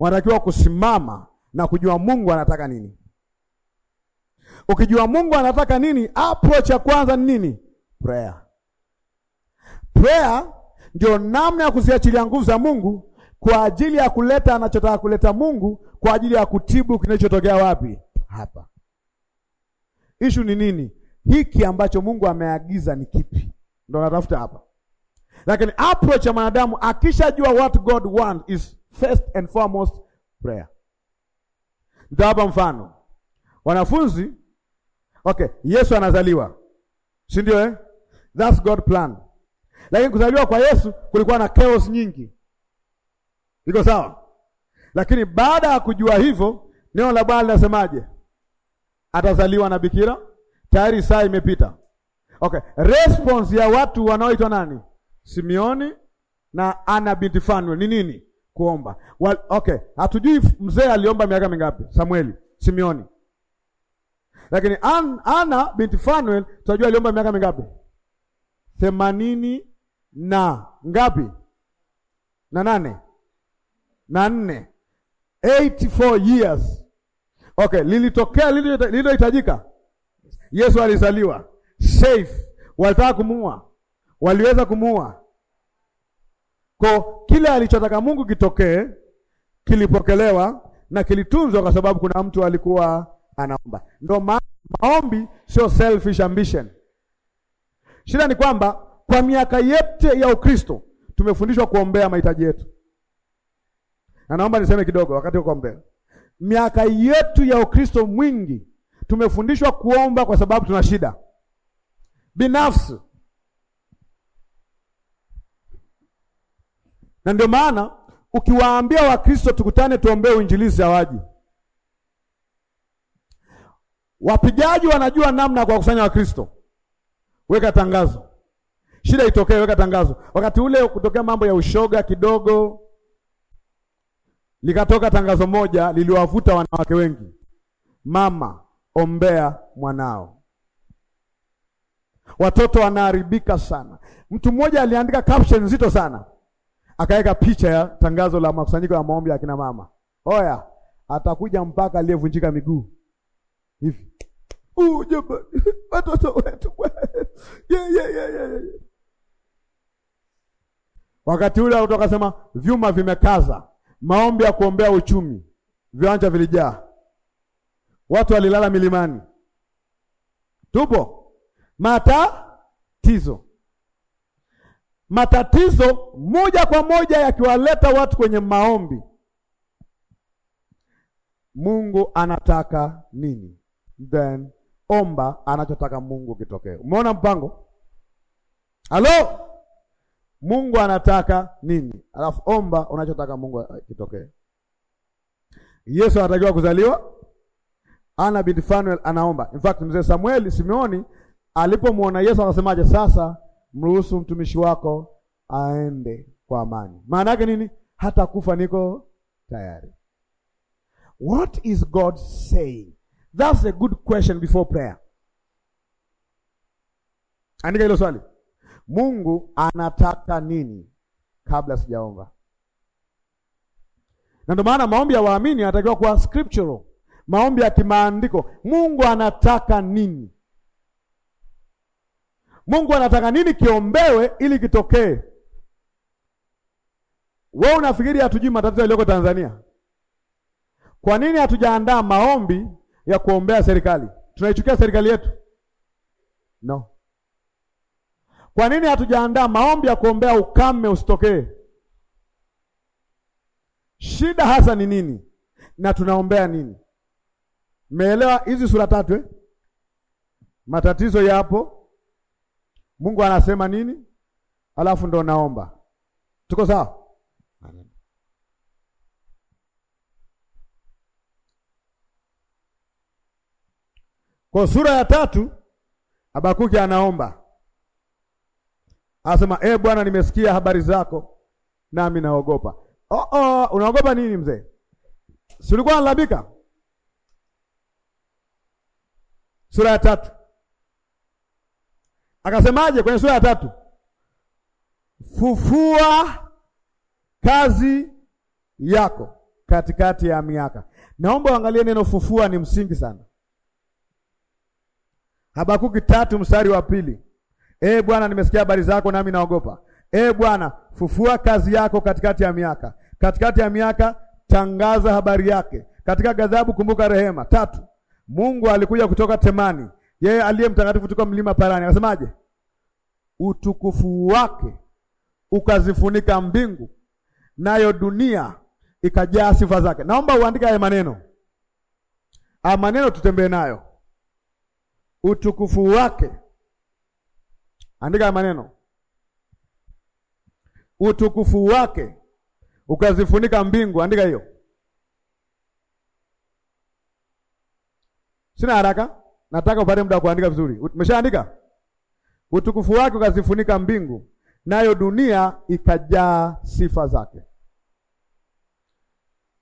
Unatakiwa kusimama na kujua Mungu anataka nini. Ukijua Mungu anataka nini, approach ya kwanza ni nini? Prayer. Prayer ndio namna ya kuziachilia nguvu za Mungu kwa ajili ya kuleta anachotaka kuleta Mungu kwa ajili ya kutibu kinachotokea wapi? Hapa. Ishu ni nini? hiki ambacho Mungu ameagiza ni kipi? Ndio natafuta hapa. Lakini approach ya mwanadamu akishajua what God want is first and foremost prayer. Nitawapa mfano wanafunzi. Okay, Yesu anazaliwa, si ndio eh? That's God plan. Lakini kuzaliwa kwa Yesu kulikuwa na chaos nyingi, iko sawa? Lakini baada ya kujua hivyo, neno la Bwana linasemaje? Atazaliwa na bikira Tayari saa imepita. Okay, response ya watu wanaoitwa nani? Simeoni na Ana binti Fanuel ni nini? Kuomba. Well, okay, hatujui mzee aliomba miaka mingapi? Samueli, Simeoni. Lakini An, Ana binti Fanuel tunajua aliomba miaka mingapi? themanini na ngapi? Na nane na nne, 84 years. Okay, lilitokea lililohitajika Yesu alizaliwa safe, walitaka kumuua, waliweza kumuua. Kwa kile alichotaka Mungu kitokee kilipokelewa na kilitunzwa, kwa sababu kuna mtu alikuwa anaomba. Ndio ma maombi sio selfish ambition. Shida ni kwamba kwa miaka yote ya Ukristo tumefundishwa kuombea mahitaji yetu, na naomba niseme kidogo wakati uko mbele. Miaka yetu ya Ukristo mwingi tumefundishwa kuomba kwa sababu tuna shida binafsi, na ndio maana ukiwaambia Wakristo tukutane tuombee uinjilizi hawaji. Wapigaji wanajua namna ya kuwakusanya Wakristo. Weka tangazo, shida itokee, weka tangazo. Wakati ule kutokea mambo ya ushoga kidogo, likatoka tangazo moja liliwavuta wanawake wengi. Mama ombea mwanao. Watoto wanaharibika sana. Mtu mmoja aliandika caption nzito sana, akaweka picha ya tangazo la makusanyiko ya maombi ya kina mama. Oya, atakuja mpaka aliyevunjika miguu hivi. Jamani, watoto wetu yeah, yeah, yeah, yeah. Wakati ule watu wakasema vyuma vimekaza, maombi ya kuombea uchumi, viwanja vilijaa watu walilala milimani. Tupo matatizo, matatizo moja kwa moja yakiwaleta watu kwenye maombi. Mungu anataka nini? Then omba anachotaka Mungu kitokee. Umeona mpango? Halo, Mungu anataka nini? Alafu omba unachotaka Mungu kitokee. Yesu anatakiwa kuzaliwa ana binti Fanuel anaomba. In fact, mzee Samueli Simeoni alipomwona Yesu akasemaje? Sasa mruhusu mtumishi wako aende kwa amani. Maana yake nini? Hata kufa niko tayari. What is God saying? That's a good question before prayer. Andika hilo swali. Mungu anataka nini kabla sijaomba? Na ndio maana maombi ya waamini yanatakiwa kuwa scriptural maombi ya kimaandiko. Mungu anataka nini? Mungu anataka nini kiombewe ili kitokee? We unafikiri hatujui matatizo yaliyoko Tanzania? Kwa nini hatujaandaa maombi ya kuombea serikali? Tunaichukia serikali yetu? No. Kwa nini hatujaandaa maombi ya kuombea ukame usitokee? Shida hasa ni nini na tunaombea nini? meelewa hizi sura tatu eh? Matatizo yapo, Mungu anasema nini, alafu ndo naomba. Tuko sawa? Kwa sura ya tatu Habakuki anaomba, anasema e Bwana, nimesikia habari zako nami naogopa. Oh, oh, unaogopa nini mzee? Si ulikuwa sura ya tatu akasemaje? Kwenye sura ya tatu, fufua kazi yako katikati ya miaka. Naomba uangalie neno fufua, ni msingi sana. Habakuki tatu mstari wa pili, e Bwana, nimesikia habari zako nami naogopa. E Bwana, fufua kazi yako katikati ya miaka, katikati ya miaka tangaza habari yake, katika ghadhabu kumbuka rehema. Tatu, Mungu alikuja kutoka Temani, yeye aliye mtakatifu kutoka mlima Parani. Akasemaje? Utukufu wake ukazifunika mbingu, nayo dunia ikajaa sifa zake. Naomba uandike haya maneno, haya maneno tutembee nayo. Utukufu wake, andika haya maneno, utukufu wake ukazifunika mbingu. Andika hiyo Sina haraka, nataka upate muda wa kuandika vizuri. Umeshaandika? Utukufu wake ukazifunika mbingu, nayo dunia ikajaa sifa zake.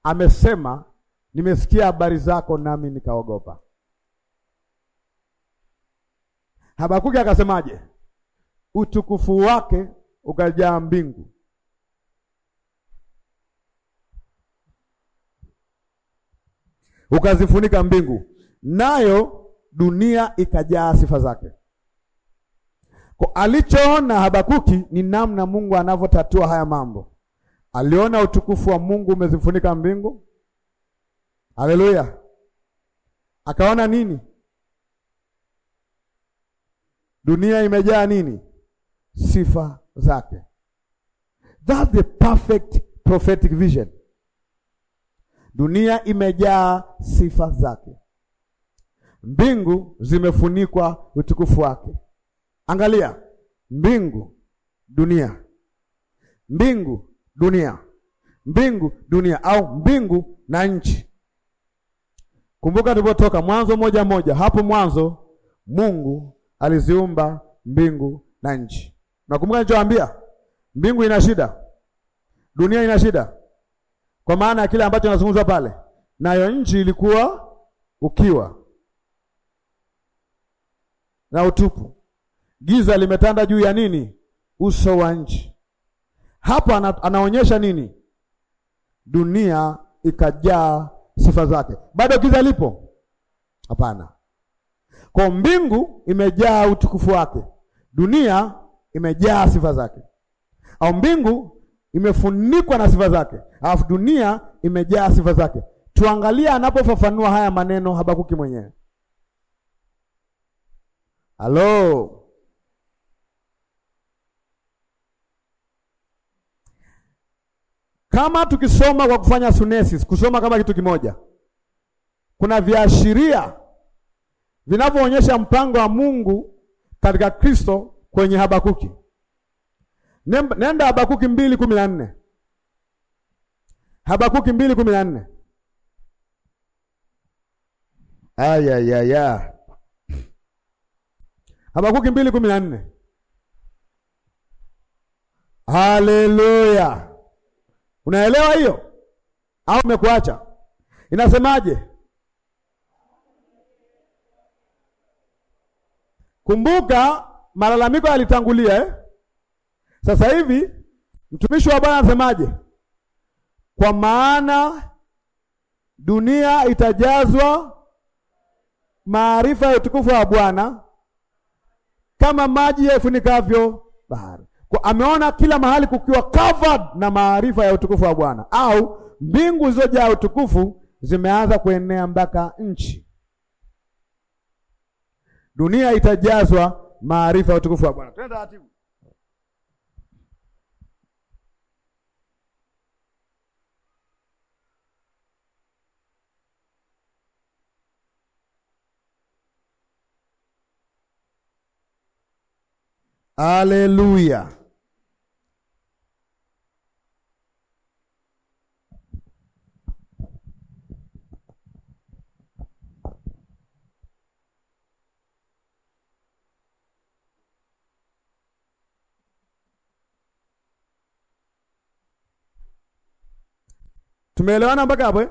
Amesema, nimesikia habari zako nami nikaogopa. Habakuki akasemaje? Utukufu wake ukajaa mbingu. Ukazifunika mbingu nayo dunia ikajaa sifa zake. Kwa alichoona Habakuki ni namna Mungu anavyotatua haya mambo. Aliona utukufu wa Mungu umezifunika mbingu. Haleluya! Akaona nini? Dunia imejaa nini? Sifa zake. That's the perfect prophetic vision. Dunia imejaa sifa zake. Mbingu zimefunikwa utukufu wake. Angalia mbingu, dunia, mbingu, dunia, mbingu, dunia, au mbingu na nchi. Kumbuka tulipotoka Mwanzo moja moja, hapo mwanzo Mungu aliziumba mbingu na nchi. Nakumbuka nilichowaambia, mbingu ina shida, dunia ina shida, kwa maana ya kile ambacho nazungumzwa pale, nayo nchi ilikuwa ukiwa na utupu, giza limetanda juu ya nini? Uso wa nchi. Hapa ana, anaonyesha nini? Dunia ikajaa sifa zake. Bado giza lipo? Hapana. Kwa mbingu imejaa utukufu wake, dunia imejaa sifa zake. Au mbingu imefunikwa na sifa zake, alafu dunia imejaa sifa zake. Tuangalia anapofafanua haya maneno Habakuki mwenyewe. Halo. Kama tukisoma kwa kufanya sunesis, kusoma kama kitu kimoja, kuna viashiria vinavyoonyesha mpango wa Mungu katika Kristo kwenye Habakuki. Nenda Habakuki mbili kumi na nne Habakuki mbili kumi na nne Ayayaya. Habakuki mbili kumi na nne. Haleluya! Unaelewa hiyo au umekuacha? Inasemaje? Kumbuka malalamiko yalitangulia, eh? Sasa hivi mtumishi wa Bwana anasemaje? Kwa maana dunia itajazwa maarifa ya utukufu wa Bwana kama maji yaifunikavyo bahari. Kwa ameona kila mahali kukiwa covered na maarifa ya utukufu wa Bwana, au mbingu zilizojaa utukufu zimeanza kuenea mpaka nchi. Dunia itajazwa maarifa ya utukufu wa Bwana. Twende taratibu. Haleluya. Tumeelewana mpaka hapo eh?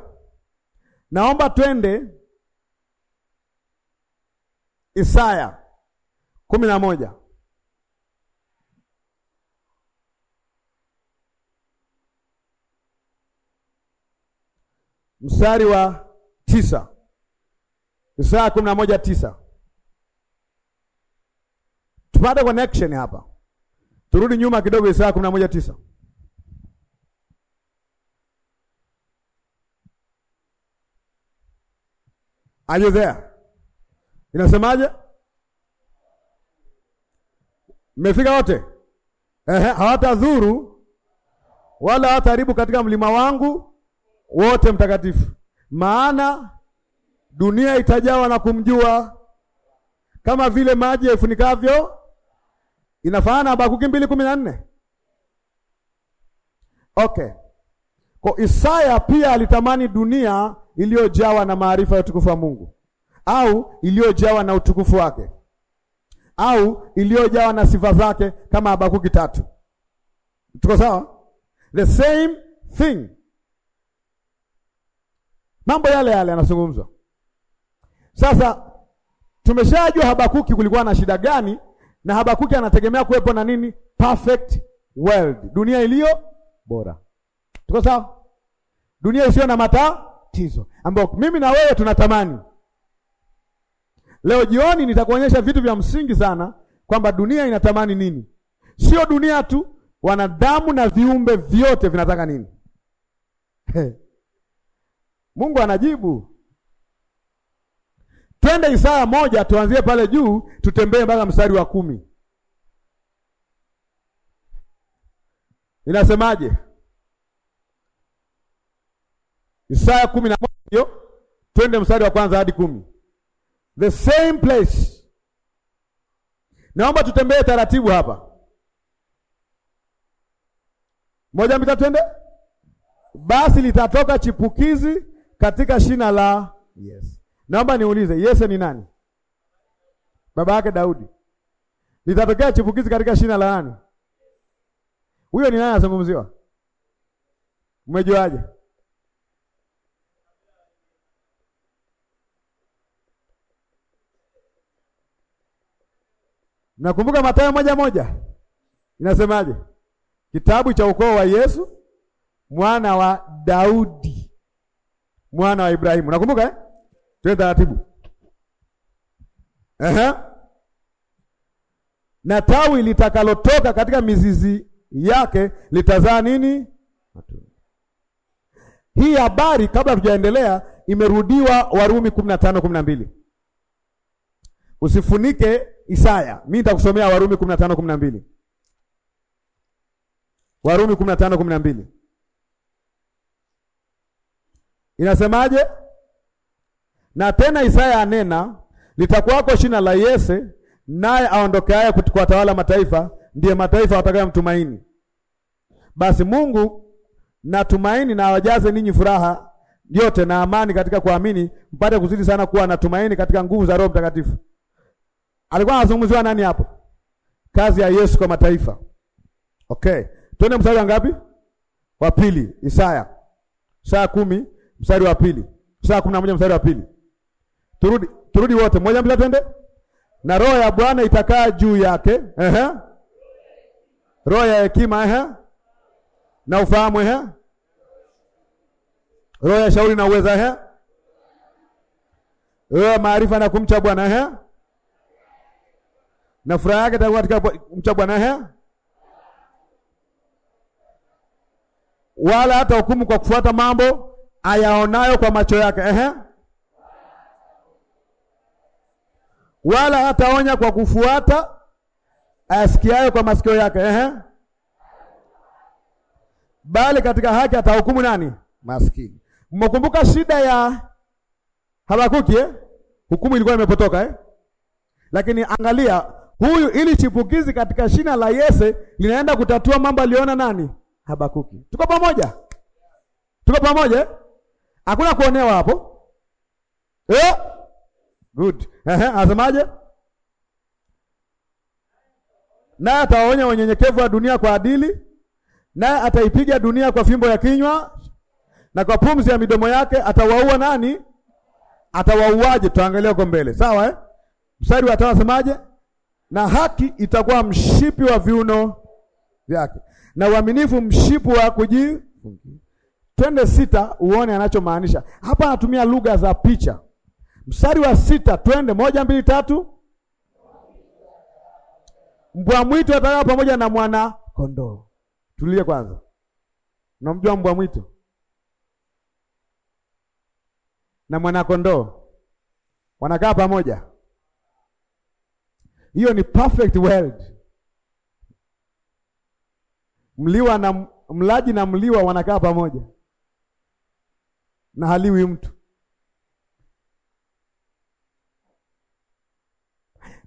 Naomba twende Isaya kumi na moja. mstari wa tisa Isaya kumi na moja tisa tupate connection hapa, turudi nyuma kidogo, Isaya kumi na moja tisa Are you there? Inasemaje? Mmefika wote? Ehe, hawatadhuru wala hawataharibu katika mlima wangu wote mtakatifu, maana dunia itajawa na kumjua kama vile maji yafunikavyo. Inafanana Habakuki mbili kumi na nne. Okay, kwa Isaya pia alitamani dunia iliyojawa na maarifa ya utukufu wa Mungu au iliyojawa na utukufu wake au iliyojawa na sifa zake kama Habakuki tatu. Tuko sawa? The same thing. Mambo yale yale yanazungumzwa. Sasa tumeshajua Habakuki kulikuwa na shida gani, na Habakuki anategemea kuwepo na nini? Perfect world, dunia iliyo bora. Tuko sawa? Dunia isiyo na matatizo ambayo mimi na wewe tunatamani. Leo jioni nitakuonyesha vitu vya msingi sana kwamba dunia inatamani nini. Sio dunia tu, wanadamu na viumbe vyote vinataka nini? Mungu anajibu. Twende Isaya moja, tuanzie pale juu, tutembee mpaka mstari wa kumi. Inasemaje? Isaya kumi na moja, hiyo twende mstari wa kwanza hadi kumi. The same place. Naomba tutembee taratibu hapa. Moja mbili, twende. Basi litatoka chipukizi katika shina la Yese. Naomba niulize, Yese ni nani? Baba yake Daudi. Litatokea chipukizi katika shina la nani? Huyo ni nani anazungumziwa? Umejuaje? Nakumbuka Mathayo moja moja inasemaje? Kitabu cha ukoo wa Yesu mwana wa Daudi mwana wa Ibrahimu. nakumbuka eh? Tuwe taratibu. -huh. Na tawi litakalotoka katika mizizi yake litazaa nini? Matunda. Hii habari kabla tujaendelea imerudiwa Warumi 15:12. Usifunike Isaya. Mimi nitakusomea Warumi 15:12. Warumi 15:12. Inasemaje? Na tena Isaya anena, litakuwako shina la Yese, naye aondokeaye kuwatawala mataifa, ndiye mataifa watakayomtumaini. Basi Mungu natumaini na awajaze ninyi furaha yote na amani katika kuamini, mpate kuzidi sana kuwa na tumaini katika nguvu za Roho Mtakatifu. Alikuwa anazungumziwa nani hapo? Kazi ya Yesu kwa mataifa. Okay, twende mstari wa ngapi? Wa pili, Isaya Isaya kumi mstari wa pili saa kumi na moja mstari wa pili turudi, turudi wote moja mbili twende. Na roho ya Bwana itakaa juu yake, ehe, roho ya hekima, ehe, na ufahamu, ehe, roho ya shauri na uweza, ehe, roho ya maarifa na kumcha Bwana, ehe, na furaha yake itakuwa katika kumcha Bwana, ehe wala hata hukumu kwa kufuata mambo ayaonayo kwa macho yake, ehe, wala hataonya kwa kufuata ayasikiayo kwa masikio yake, ehe, bali katika haki atahukumu nani? Maskini. Mmekumbuka shida ya Habakuki eh? Hukumu ilikuwa imepotoka eh? Lakini angalia huyu, ili chipukizi katika shina la Yese linaenda kutatua mambo aliona nani? Habakuki. Tuko pamoja? Tuko pamoja eh? Hakuna kuonewa hapo eh? Good. Anasemaje? Naye atawaonya wanyenyekevu wa dunia kwa adili, naye ataipiga dunia kwa fimbo ya kinywa, na kwa pumzi ya midomo yake atawaua nani? Atawauaje? Tuangalie huko mbele, sawa eh? Mstari wa tano asemaje? Na haki itakuwa mshipi wa viuno vyake, na uaminifu mshipi wa kuji Twende sita uone anachomaanisha hapa. Anatumia lugha za picha. Mstari wa sita, twende moja mbili tatu. Mbwa mwitu atakaa pamoja na mwana kondoo. Tulie kwanza, namjua mbwa mwitu na mwana kondoo wanakaa pamoja. Hiyo ni perfect world. Mliwa na mlaji na mliwa wanakaa pamoja na haliwi mtu.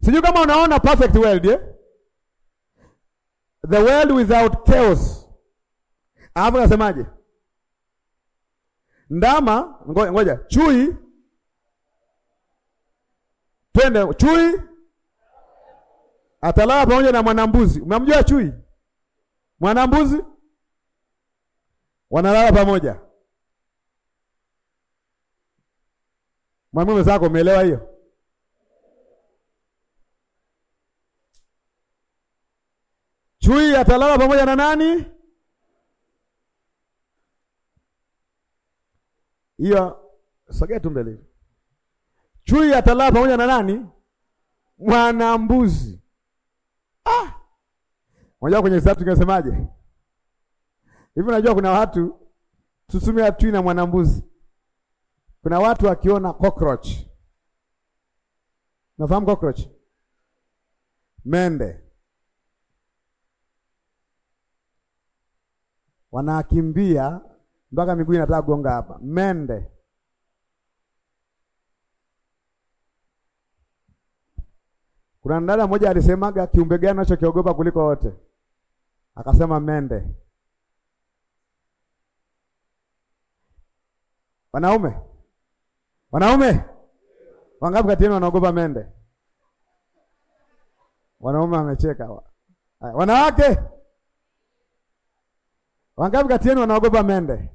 Sijui kama unaona perfect world eh? The world without chaos. Alafu nasemaje? Ndama, ngoja, chui twende, chui atalala pamoja na mwanambuzi. Umemjua chui? Mwanambuzi wanalala pamoja. Mwambie mwenzako umeelewa hiyo? Chui atalala pamoja na nani? Hiyo sogea tu mbele. Chui atalala pamoja na nani? Mwana mbuzi. Ah! Unajua kwenye hesabu tungesemaje? Hivi unajua kuna watu tutumia chui na mwana mbuzi. Kuna watu wakiona cockroach, nafahamu cockroach, mende, wanakimbia mpaka miguu inataka kugonga hapa. Mende kuna dada mmoja alisemaga kiumbe gani anachokiogopa kuliko wote? Akasema mende. Wanaume Wanaume wangapi kati yenu wanaogopa mende? Wanaume wamecheka. Wanawake wangapi kati yenu wanaogopa mende?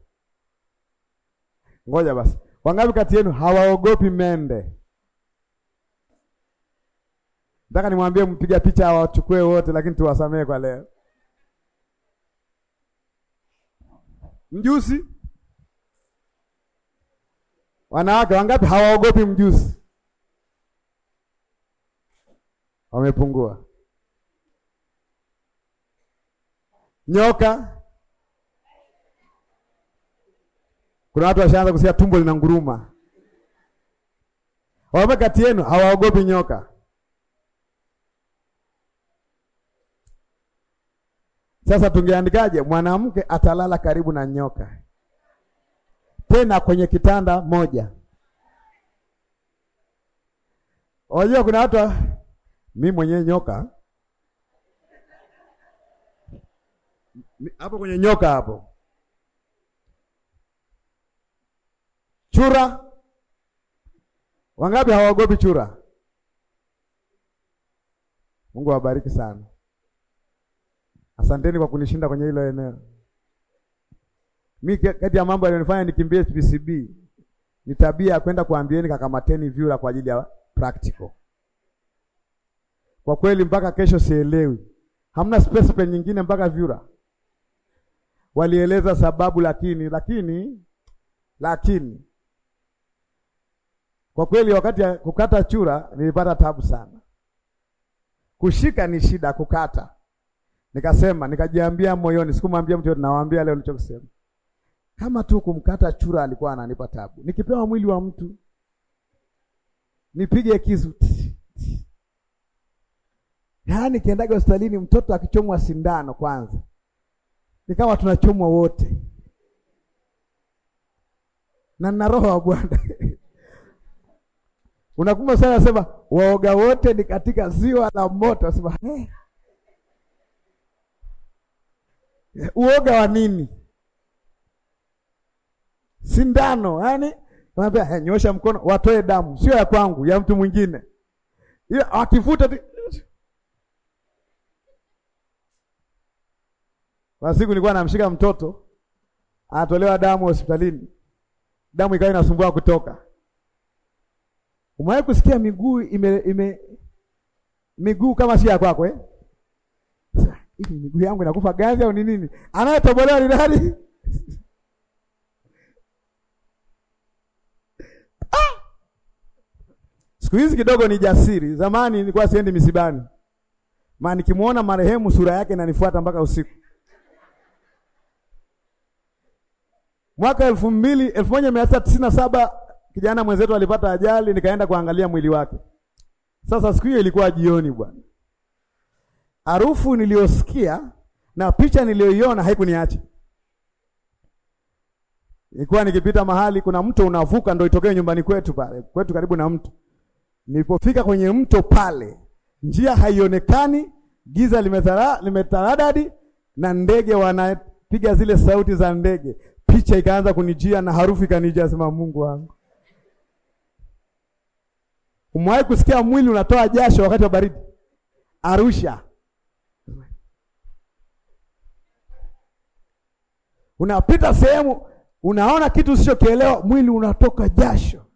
Ngoja basi, wangapi kati yenu hawaogopi mende? Nataka nimwambie mpiga picha hawachukue wote, lakini tuwasamehe kwa leo. Mjusi Wanawake wangapi hawaogopi mjusi? Wamepungua. Nyoka, kuna watu washaanza kusikia tumbo lina nguruma. Waume kati yenu hawaogopi nyoka? Sasa tungeandikaje? Mwanamke atalala karibu na nyoka tena kwenye kitanda moja. Wajua kuna hata mimi mwenyewe nyoka hapo kwenye nyoka hapo, chura wangapi hawaogopi chura? Mungu awabariki sana, asanteni kwa kunishinda kwenye hilo eneo. Mi kati ya mambo yalionifanya nikimbie PCB ni tabia ya kwenda kuambieni kakamateni vyura kwa ajili ya practical. Kwa kweli mpaka kesho sielewi. Hamna space pen nyingine mpaka vyura. Walieleza sababu lakini lakini lakini kwa kweli wakati ya kukata chura nilipata tabu sana. Kushika ni shida, kukata. Nikasema, nikajiambia moyoni, sikumwambia mtu yote, nawaambia leo nilichokisema. Kama tu kumkata chura alikuwa ananipa tabu. Nikipewa mwili wa mtu nipige kisu. Yaani kiendaga hospitalini mtoto akichomwa sindano kwanza. Nikawa tunachomwa wote. Na na roho wa Bwana. Unakumbuka sana sema waoga wote ni katika ziwa la moto sema. Uoga wa nini? sindano, yani wanaambia eh, nyosha mkono, watoe damu, sio ya kwangu, ya mtu mwingine. Hiyo akivuta kwa siku nilikuwa namshika mtoto anatolewa damu hospitalini, damu ikawa inasumbua kutoka. Umewahi kusikia miguu ime, ime miguu kama si ya kwako eh? Hivi miguu yangu inakufa ganzi au ni nini? Anayetobolewa ni nani? Siku hizi kidogo ni jasiri. Zamani nilikuwa siendi misibani, maana nikimwona marehemu sura yake inanifuata mpaka usiku. Mwaka elfu mbili elfu moja mia tisa tisini na saba kijana mwenzetu alipata ajali, nikaenda kuangalia mwili wake. Sasa siku hiyo ilikuwa jioni bwana, harufu niliyosikia na picha niliyoiona haikuniacha. Nilikuwa nikipita mahali kuna mto unavuka, ndio itokee nyumbani kwetu pale kwetu, karibu na mto Nilipofika kwenye mto pale, njia haionekani, giza limetaradadi, na ndege wanapiga zile sauti za ndege. Picha ikaanza kunijia na harufu ikanijia, sema Mungu wangu. Umewahi kusikia mwili unatoa jasho wakati wa baridi? Arusha unapita sehemu, unaona kitu usichokielewa, mwili unatoka jasho.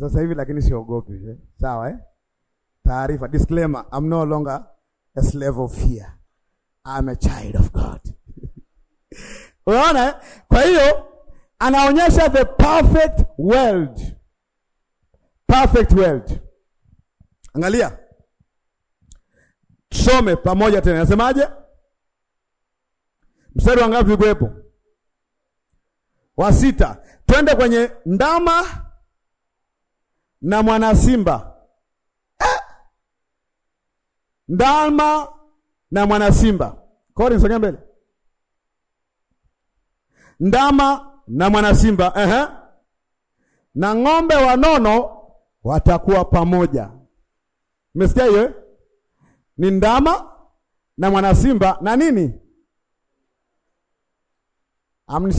Sasa hivi lakini siogopi eh? Sawa eh? Taarifa, disclaimer, I'm no longer a slave of fear. I'm a child of God. Unaona? Eh? Kwa hiyo anaonyesha the perfect world. Perfect world. Angalia. Tusome pamoja tena. Nasemaje? Mstari wa ngapi Wa sita. Twende kwenye ndama na mwana simba eh! ndama na mwana simba kori, nisogea mbele. Ndama na mwana simba eh, na ng'ombe wanono watakuwa pamoja. umesikia hiyo? Eh? Ni ndama na mwana simba na nini?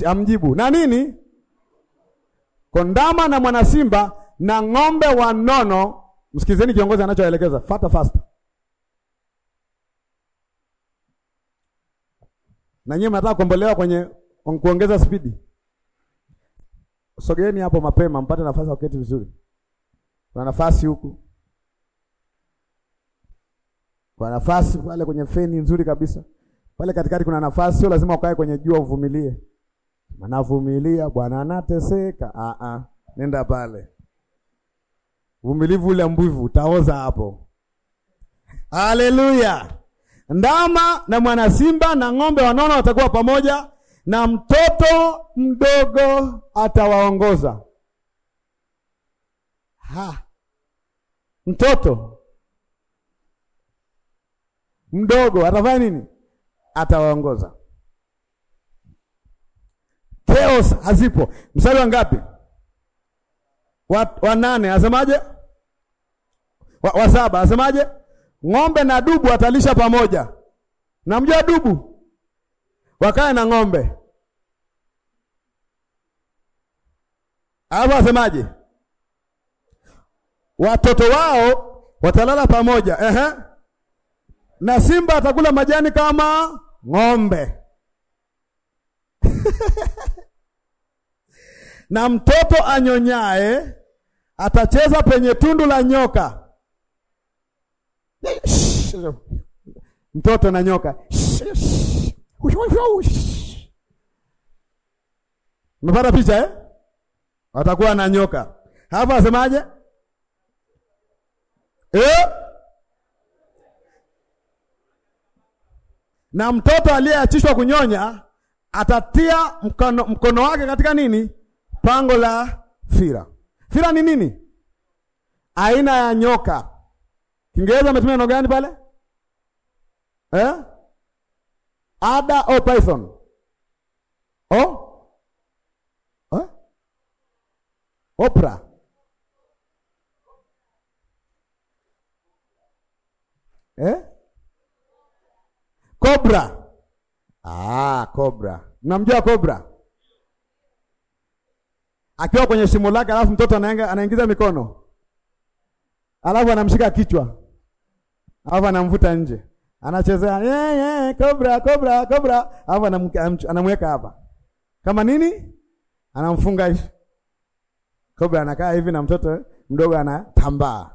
Amjibu na nini? Kondama na mwana simba na ng'ombe wanono. Msikizeni kiongozi anachoelekeza, fata fasta na nyinyi mnataka kuombolewa kwenye kuongeza spidi. Sogeeni hapo mapema mpate nafasi ya kuketi vizuri. Kuna nafasi huku, kuna nafasi pale kwenye feni nzuri kabisa pale katikati, kuna nafasi. Sio lazima ukae kwenye jua uvumilie, manavumilia bwana, anateseka. A ah, a, ah. nenda pale vumilivu ule mbivu utaoza hapo. Haleluya! Ndama na mwana simba na ng'ombe wanono watakuwa pamoja, na mtoto mdogo atawaongoza. Ha, mtoto mdogo atafanya nini? Atawaongoza. Chaos hazipo. Mstari wa ngapi? Wa nane, asemaje? wa, wa saba anasemaje? Ng'ombe na dubu atalisha pamoja. Namjua dubu, wakae na ng'ombe. Alafu asemaje? Watoto wao watalala pamoja. Ehe. Na simba atakula majani kama ng'ombe. Na mtoto anyonyae atacheza penye tundu la nyoka mtoto na nyoka. Umepata picha eh? Watakuwa na nyoka. Hapa asemaje? Eh? Na mtoto aliyeachishwa kunyonya atatia mkono, mkono wake katika nini? Pango la fira. Fira ni nini? Aina ya nyoka. Kiingereza umetumia neno gani pale eh? Ada o Python oh? Eh? Opera eh? Cobra ah, Cobra Namjua Cobra akiwa kwenye shimo lake, alafu mtoto anaingiza mikono alafu anamshika kichwa hapa anamvuta nje. Anachezea yeye yeah, kobra eh, kobra kobra. hapa anamweka hapa. Kama nini? Anamfunga hivi. Kobra anakaa hivi na mtoto eh, mdogo anatambaa.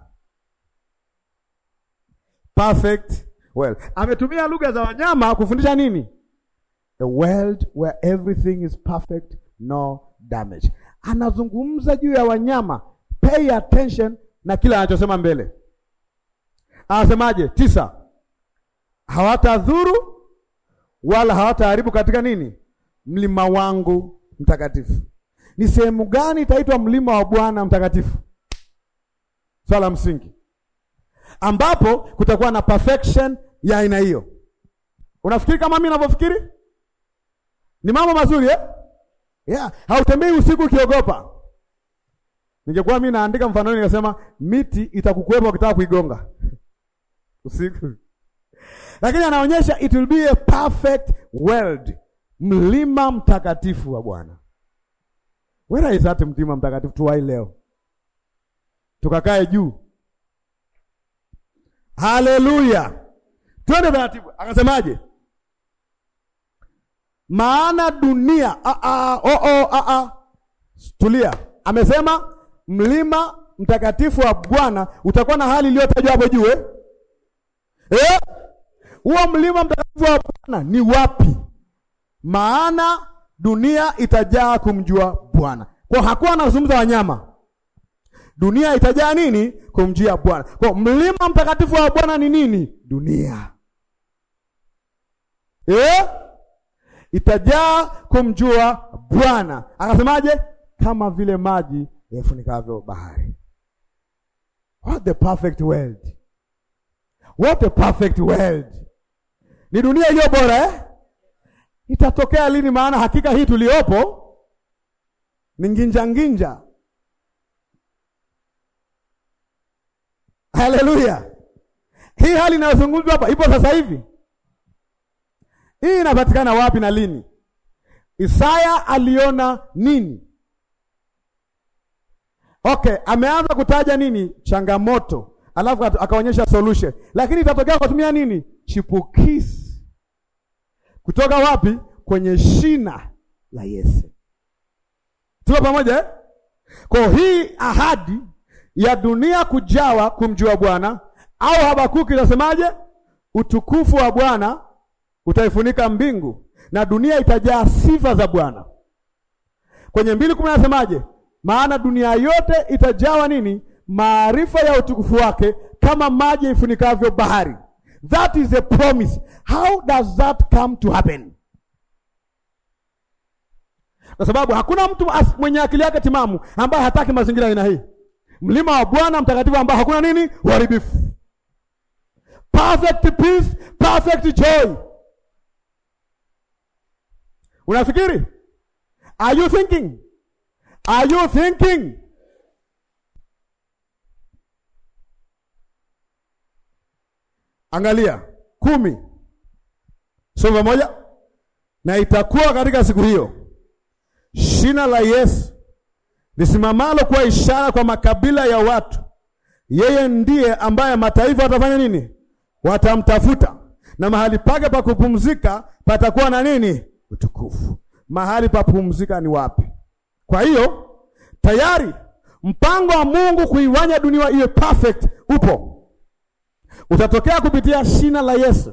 Perfect well. Ametumia lugha za wanyama kufundisha nini? A world where everything is perfect, no damage. Anazungumza juu ya wanyama. Pay attention na kila anachosema mbele anasemaje? Tisa, hawatadhuru wala hawataharibu katika nini? Mlima wangu mtakatifu. Ni sehemu gani itaitwa mlima wa Bwana mtakatifu? Swala msingi, ambapo kutakuwa na perfection ya aina hiyo. Unafikiri kama mimi ninavyofikiri? Ni mambo mazuri eh? Yeah. Hautembei usiku ukiogopa. Ningekuwa mimi naandika mfano nikasema miti itakukuepa ukitaka kuigonga usiku, lakini anaonyesha it will be a perfect world, mlima mtakatifu wa Bwana. Where is that mlima mtakatifu? Tuwai leo tukakae juu. Haleluya, twende taratibu. Akasemaje? maana dunia a ah, -a, ah, o oh, -o, oh, a ah, -a. Tulia, amesema mlima mtakatifu wa Bwana utakuwa na hali iliyotajwa hapo juu eh? Eh? huo eh? mlima mtakatifu wa Bwana ni wapi? Maana dunia itajaa kumjua Bwana. Kwa hakuwa anazungumza wanyama, dunia itajaa nini? Kumjua Bwana. Kwa mlima mtakatifu wa Bwana ni nini? Dunia eh? itajaa kumjua Bwana. Akasemaje? kama vile maji yafunikavyo bahari. What the perfect world What a perfect world. Ni dunia iliyo bora eh? Itatokea lini? Maana hakika hii tuliopo ni nginja nginja. Haleluya! Hii hali inayozungumzwa hapa ipo sasa hivi. Hii inapatikana wapi na lini? Isaya aliona nini? Okay, ameanza kutaja nini? Changamoto alafu akaonyesha solution, lakini itatokea kutumia nini? Chipukizi kutoka wapi? Kwenye shina la Yese. Tuko pamoja eh? Kwa hii ahadi ya dunia kujawa kumjua Bwana au Habakuki itasemaje? Utukufu wa Bwana utaifunika mbingu na dunia itajaa sifa za Bwana. Kwenye mbili kumi anasemaje? Maana dunia yote itajawa nini? maarifa ya utukufu wake kama maji ifunikavyo bahari. That is a promise. How does that come to happen? Kwa sababu hakuna mtu mwenye akili yake timamu ambaye hataki mazingira aina hii, mlima wa Bwana mtakatifu ambao hakuna nini, uharibifu, perfect peace, perfect joy. Unafikiri? Are you thinking? Are you thinking? Angalia kumi, soma moja Na itakuwa katika siku hiyo shina la Yesu lisimamalo kwa ishara kwa makabila ya watu, yeye ndiye ambaye mataifa watafanya nini? Watamtafuta, na mahali pake pa kupumzika patakuwa na nini? Utukufu. Mahali pa kupumzika ni wapi? Kwa hiyo tayari mpango wa Mungu kuiwanya dunia iwe perfect upo utatokea kupitia shina la Yesu,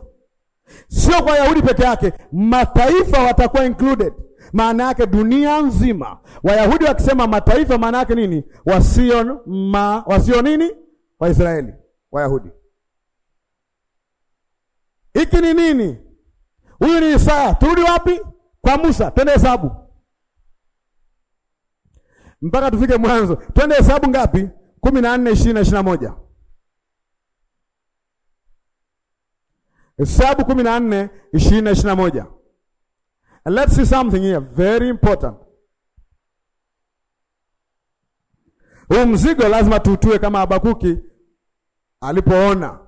sio kwa Wayahudi peke yake, mataifa watakuwa included. Maana yake dunia nzima. Wayahudi wakisema mataifa, maana yake nini? Wasio ma, wasio nini? Waisraeli, Wayahudi. Hiki ni nini? Huyu ni Isaya. Turudi wapi? Kwa Musa. Twende Hesabu mpaka tufike Mwanzo. Twende Hesabu ngapi? kumi na nne ishirini na ishirini na moja. Hesabu kumi na nne ishirini na ishirini na moja. Let's see something here very important. Huu mzigo lazima tutue kama Habakuki alipoona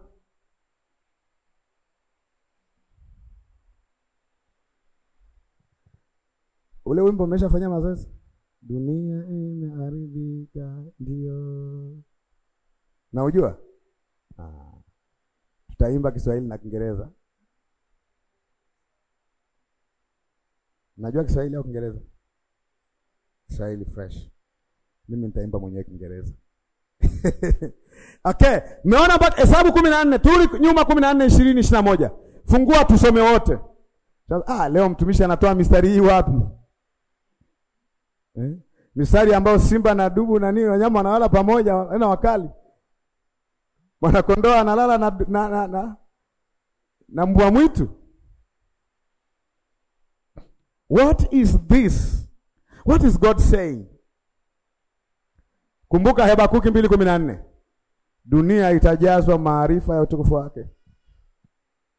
ule wimbo umeshafanya mazoezi, dunia imeharibika, ndio na ujua ah tutaimba Kiswahili na Kiingereza. Najua Kiswahili au Kiingereza? Kiswahili fresh. Mimi nitaimba mwenyewe Kiingereza. Okay, meona but Hesabu kumi na nne tuli nyuma kumi na nne ishirini ishirini na moja fungua tusome wote. Ah, leo mtumishi anatoa mistari hii wapi? Eh? Mistari ambayo simba na dubu na nini wanyama wanawala pamoja, na wakali Mwanakondoo analala na, na, na, na, na mbwa mwitu. What is this? What is God saying? Kumbuka Habakuki mbili kumi na nne, dunia itajazwa maarifa ya utukufu wake.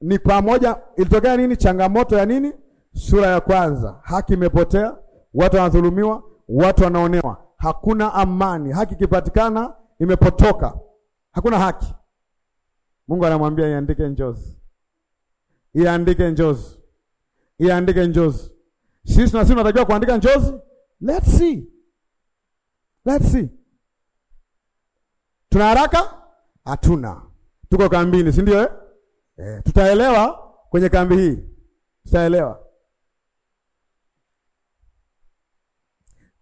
Ni pamoja ilitokea nini? Changamoto ya nini? Sura ya kwanza, haki imepotea, watu wanadhulumiwa, watu wanaonewa, hakuna amani, haki ikipatikana imepotoka hakuna haki. Mungu anamwambia iandike njozi, iandike njozi, iandike njozi. Sisi sisi tunatakiwa kuandika njozi. Let's see, let's see. Tuna haraka? Hatuna, tuko kambini, si ndio eh? Eh, tutaelewa kwenye kambi hii, tutaelewa.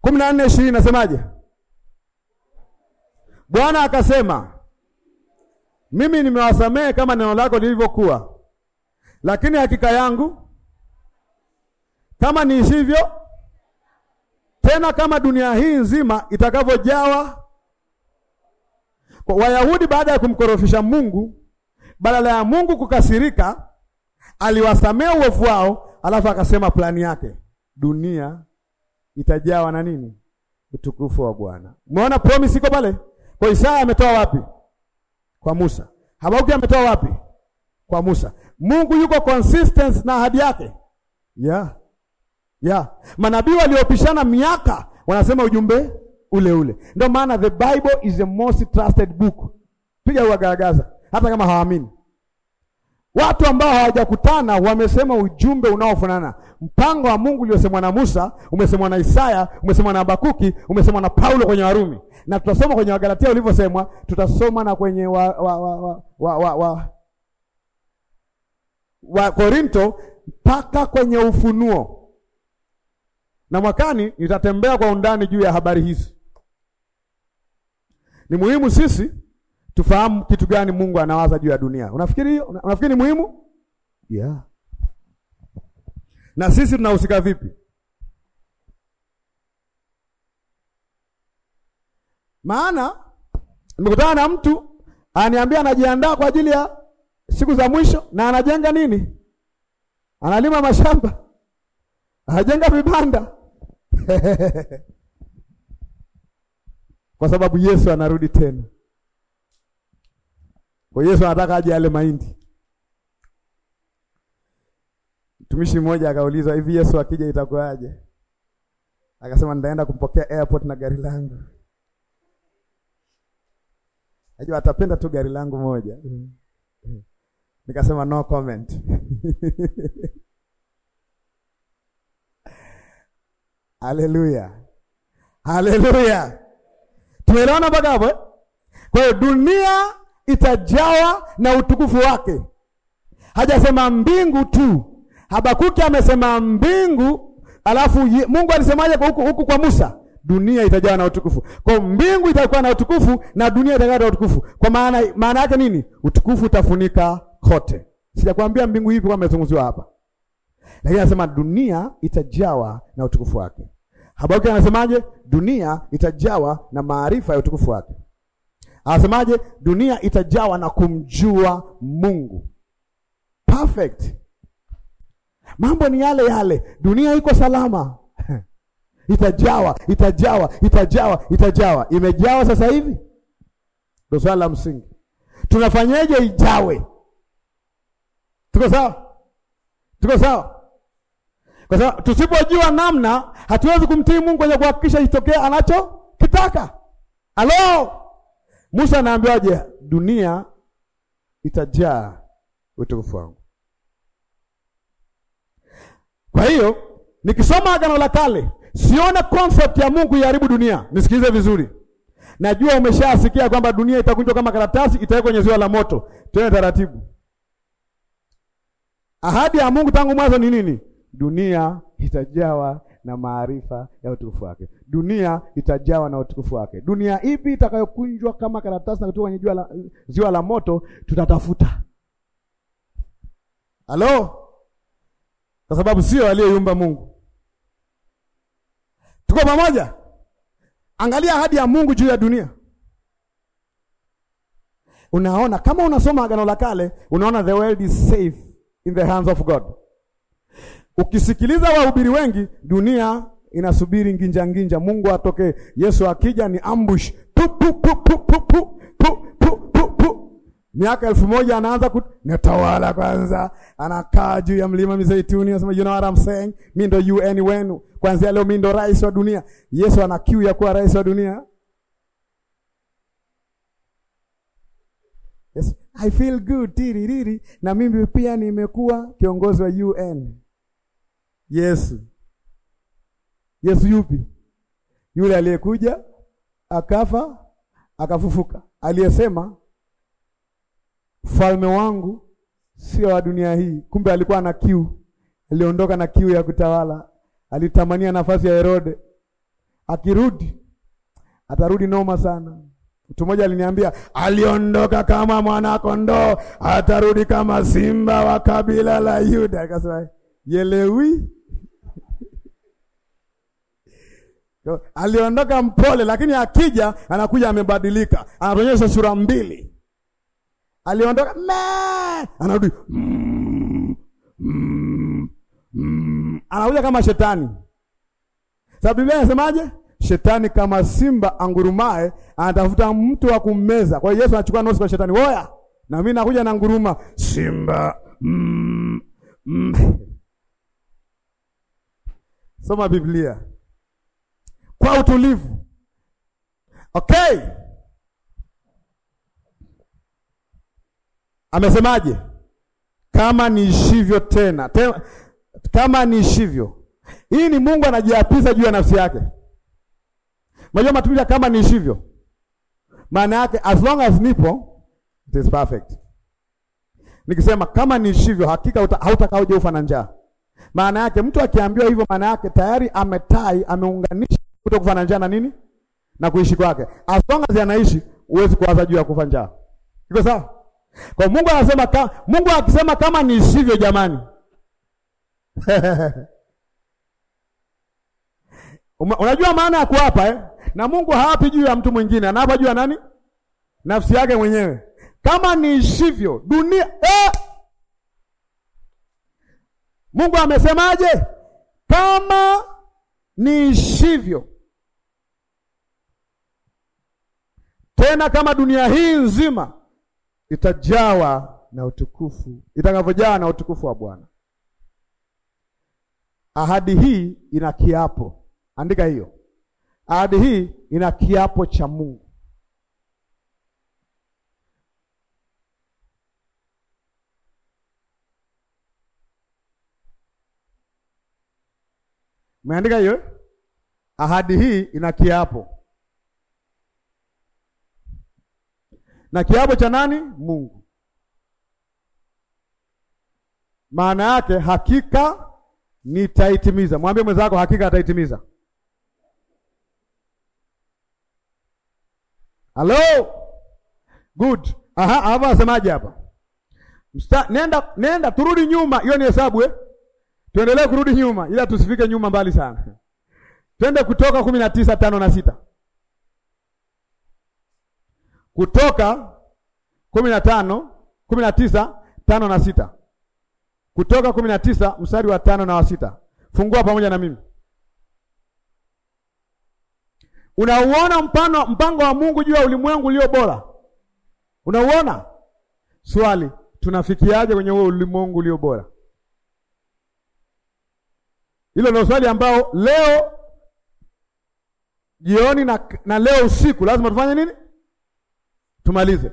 kumi na nne ishirini nasemaje? Bwana akasema mimi nimewasamehe kama neno lako lilivyokuwa, lakini hakika yangu kama niishivyo, tena kama dunia hii nzima itakavyojawa. Kwa Wayahudi, baada ya kumkorofisha Mungu, badala ya Mungu kukasirika, aliwasamehe uovu wao, alafu akasema plani yake, dunia itajawa na nini? Utukufu wa Bwana. Umeona promise iko pale? Kwa Isaya ametoa wapi? kwa Musa. Habakuki ametoa wapi? Kwa Musa. Mungu yuko consistent na ahadi yake. Yeah. Yeah. Manabii waliopishana miaka wanasema ujumbe ule ule. Ndio maana the Bible is the most trusted book. Piga uagaragaza hata kama hawaamini. Watu ambao hawajakutana wamesema ujumbe unaofanana. Mpango wa Mungu uliosemwa na Musa, umesemwa na Isaya, umesemwa na Habakuki, umesemwa na Paulo kwenye Warumi, na tutasoma kwenye Wagalatia ulivyosemwa, tutasoma na kwenye wa, wa, wa, wa, wa, wa, wa, wa Korinto mpaka kwenye Ufunuo, na mwakani nitatembea kwa undani juu ya habari hizi. Ni muhimu sisi tufahamu kitu gani Mungu anawaza juu ya dunia. Unafikiri hiyo? Unafikiri ni muhimu? Yeah. Na sisi tunahusika vipi? Maana nimekutana na mtu aniambia anajiandaa kwa ajili ya siku za mwisho na anajenga nini? Analima mashamba, anajenga vibanda kwa sababu Yesu anarudi tena. Kwa Yesu anataka aje ale mahindi. Mtumishi mmoja akauliza, hivi Yesu akija itakuwaje? Akasema, nitaenda kumpokea airport na gari langu. Aje atapenda tu gari langu moja. Nikasema no comment. Haleluya. Haleluya. Tumeelewana mpaka hapo? Eh? Kwa hiyo dunia itajawa na utukufu wake. Hajasema mbingu tu. Habakuki amesema mbingu, alafu Mungu alisemaje huku huku kwa Musa? Dunia itajawa na utukufu. Kwa mbingu itakuwa na utukufu na dunia itakuwa na utukufu. Kwa maana maana yake nini? Utukufu utafunika kote. Sijakwambia mbingu hivi kwa mezunguziwa hapa. Lakini anasema dunia itajawa na utukufu wake. Habakuki anasemaje? Dunia itajawa na maarifa ya utukufu wake. Anasemaje? Dunia itajawa na kumjua Mungu. Perfect. Mambo ni yale yale, dunia iko salama itajawa, itajawa, itajawa, itajawa. Imejawa sasa hivi? Ndio swala la msingi. tunafanyaje ijawe? Tuko sawa? Tuko sawa? Kwa sababu tusipojua namna, hatuwezi kumtii Mungu kwenye kuhakikisha itokee anachokitaka. Halo? Musa anaambiwaje? Dunia itajaa utukufu wangu. Kwa hiyo nikisoma Agano la Kale siona concept ya Mungu iharibu dunia. Nisikilize vizuri, najua umeshasikia kwamba dunia itakunjwa kama karatasi, itawekwa kwenye ziwa la moto. Tena taratibu. Ahadi ya Mungu tangu mwanzo ni nini? Dunia itajawa na maarifa ya utukufu wake. Dunia itajawa na utukufu wake. Dunia ipi itakayokunjwa kama karatasi na kutoka kwenye jua la, ziwa la moto? Tutatafuta. Halo, kwa sababu sio aliyeyumba Mungu. Tuko pamoja? Angalia ahadi ya Mungu juu ya dunia. Unaona, kama unasoma Agano la Kale, unaona the world is safe in the hands of God. Ukisikiliza wahubiri wengi, dunia inasubiri nginja nginja, Mungu atoke, Yesu akija ni ambush pu pu pu pu pu pu pu pu pu. Miaka elfu moja anaanza kut... natawala kwanza, anakaa juu ya mlima Mizeituni, anasema you know what I'm saying, mimi ndo UN wenu, kuanzia leo mimi ndo rais wa dunia. Yesu ana kiu ya kuwa rais wa dunia. Yes, I feel good tiririri, na mimi pia nimekuwa kiongozi wa UN. Yesu. Yesu yupi? Yule aliyekuja akafa akafufuka, aliyesema falme wangu sio wa dunia hii. Kumbe alikuwa na kiu, aliondoka na kiu ya kutawala, alitamania nafasi ya Herode. Akirudi atarudi noma sana. Mtu mmoja aliniambia aliondoka kama mwana kondoo, atarudi kama simba wa kabila la Yuda. Akasema yelewi Aliondoka mpole, lakini akija anakuja amebadilika, anatuonyesha sura mbili. Aliondoka me, anarudi mm, mm, mm. anakuja kama shetani. Sababu Biblia inasemaje? Shetani kama simba angurumae anatafuta mtu wa kummeza. Kwa hiyo Yesu anachukua nafasi kwa shetani, woya, na mimi nakuja na nguruma simba mm, mm. Soma Biblia kwa utulivu. Okay, amesemaje? Kama niishivyo tena, tena kama niishivyo. Hii ni Mungu anajiapisa juu ya nafsi yake. Unajua matumizi kama niishivyo, maana yake as long as nipo it is perfect. Nikisema kama niishivyo, hakika hautakaoje ufa na njaa. Maana yake mtu akiambiwa hivyo, maana yake tayari ametai, ameunganisha Kuto kufa na njaa na nini? Na kuishi kwake. As long as anaishi, huwezi kuwaza juu ya kufa njaa. Iko sawa? Kwa Mungu anasema ka, Mungu akisema kama niishivyo jamani. Unajua maana ya kuapa eh? Na Mungu haapi juu ya mtu mwingine, anaapa juu ya nani? Nafsi yake mwenyewe. Kama niishivyo dunia eh! Mungu amesemaje? Kama niishivyo Tena kama dunia hii nzima itajawa na utukufu, itakavyojawa na utukufu wa Bwana. Ahadi hii ina kiapo, andika hiyo. Ahadi hii ina kiapo cha Mungu. Umeandika hiyo? Ahadi hii ina kiapo na kiapo cha nani? Mungu. Maana yake hakika nitaitimiza. Mwambie mwenzako hakika ataitimiza. Halo, good. Aha, hapa asemaje hapa? Nenda, nenda turudi nyuma, hiyo ni hesabu eh? Tuendelee kurudi nyuma, ila tusifike nyuma mbali sana. Twende Kutoka kumi na tisa tano na sita. Kutoka kumi na tano kumi na tisa tano na sita Kutoka kumi na tisa mstari wa tano na wa sita Fungua pamoja na mimi. Unauona mpano mpango wa Mungu juu ya ulimwengu ulio bora? Unauona? Swali, tunafikiaje kwenye huo ulimwengu ulio bora? Hilo ndio swali ambao leo jioni na, na leo usiku lazima tufanye nini? tumalize.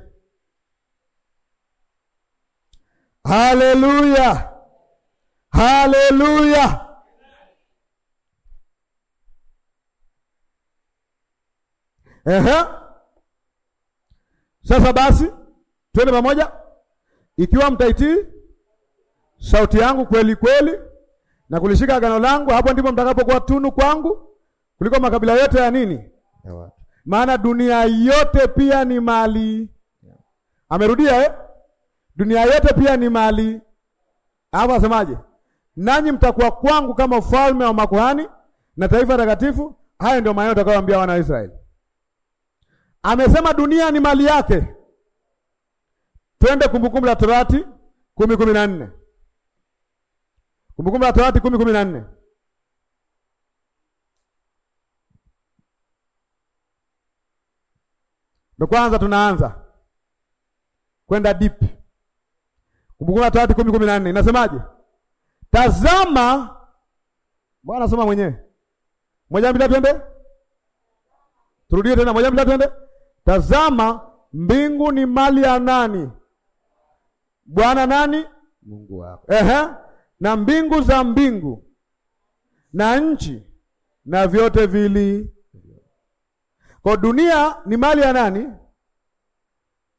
Haleluya, haleluya. Ehe, sasa basi twende pamoja, ikiwa mtaitii sauti yangu kweli kweli na kulishika agano langu, hapo ndipo mtakapokuwa tunu kwangu kuliko makabila yote ya nini Ewa maana dunia yote pia ni mali. Amerudia eh? Dunia yote pia ni mali. Hapo asemaje? Nanyi mtakuwa kwangu kama ufalme wa makuhani na taifa takatifu. Hayo ndio maneno utakayoambia wana wa Israeli. Amesema dunia ni mali yake. Twende Kumbukumbu la Torati kumi kumi na nne Kumbukumbu la Torati kumi kumi na nne Kwa kwanza tunaanza kwenda deep. Kumbukumbu la Torati 10:14 inasemaje? Tazama, Bwana anasema mwenyewe. Moja mbili twende, turudie tena. Moja mbili twende. Tazama, mbingu ni mali ya nani? Bwana nani? Mungu wako. Ehe, na mbingu za mbingu na nchi na vyote vili kwa dunia ni mali ya nani?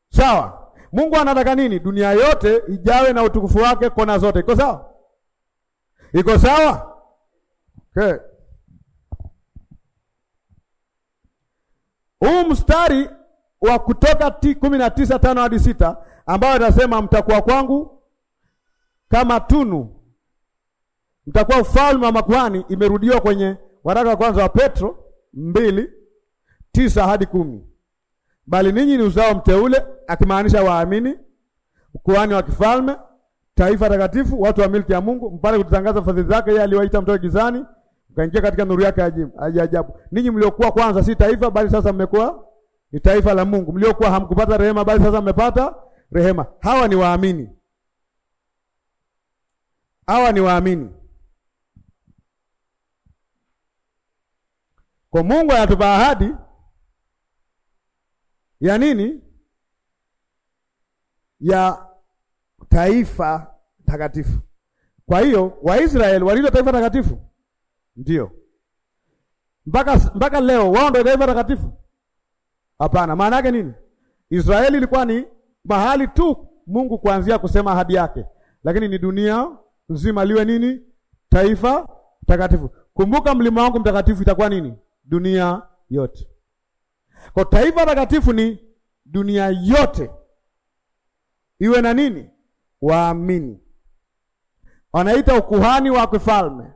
Sawa. Mungu anataka nini? Dunia yote ijawe na utukufu wake kona zote. Iko sawa? Iko sawa? Okay. Huu mstari wa Kutoka kumi na tisa tano hadi sita ambayo atasema mtakuwa kwangu kama tunu, mtakuwa ufalme wa makuhani, imerudiwa kwenye waraka wa kwanza wa Petro mbili tisa hadi kumi bali ninyi ni uzao mteule, akimaanisha waamini, ukuhani wa kifalme, taifa takatifu, watu wa milki ya Mungu, mpate kutangaza fadhili zake yeye aliwaita mtoke gizani mkaingia katika nuru yake ya ajabu. Ninyi mliokuwa kwanza si taifa, bali sasa mmekuwa ni taifa la Mungu. Mliokuwa hamkupata rehema, bali sasa mmepata rehema. Hawa ni waamini, hawa ni waamini. Kwa Mungu anatupa ahadi ya nini? Ya taifa takatifu. Kwa hiyo Waisraeli walilo taifa takatifu ndio mpaka mpaka leo wao ndio taifa takatifu? Hapana. Maana yake nini? Israeli ilikuwa ni mahali tu Mungu kuanzia kusema ahadi yake, lakini ni dunia nzima liwe nini? Taifa takatifu. Kumbuka mlima wangu mtakatifu itakuwa nini? Dunia yote. Kwa taifa takatifu ni dunia yote iwe na nini? Waamini wanaita ukuhani wa kifalme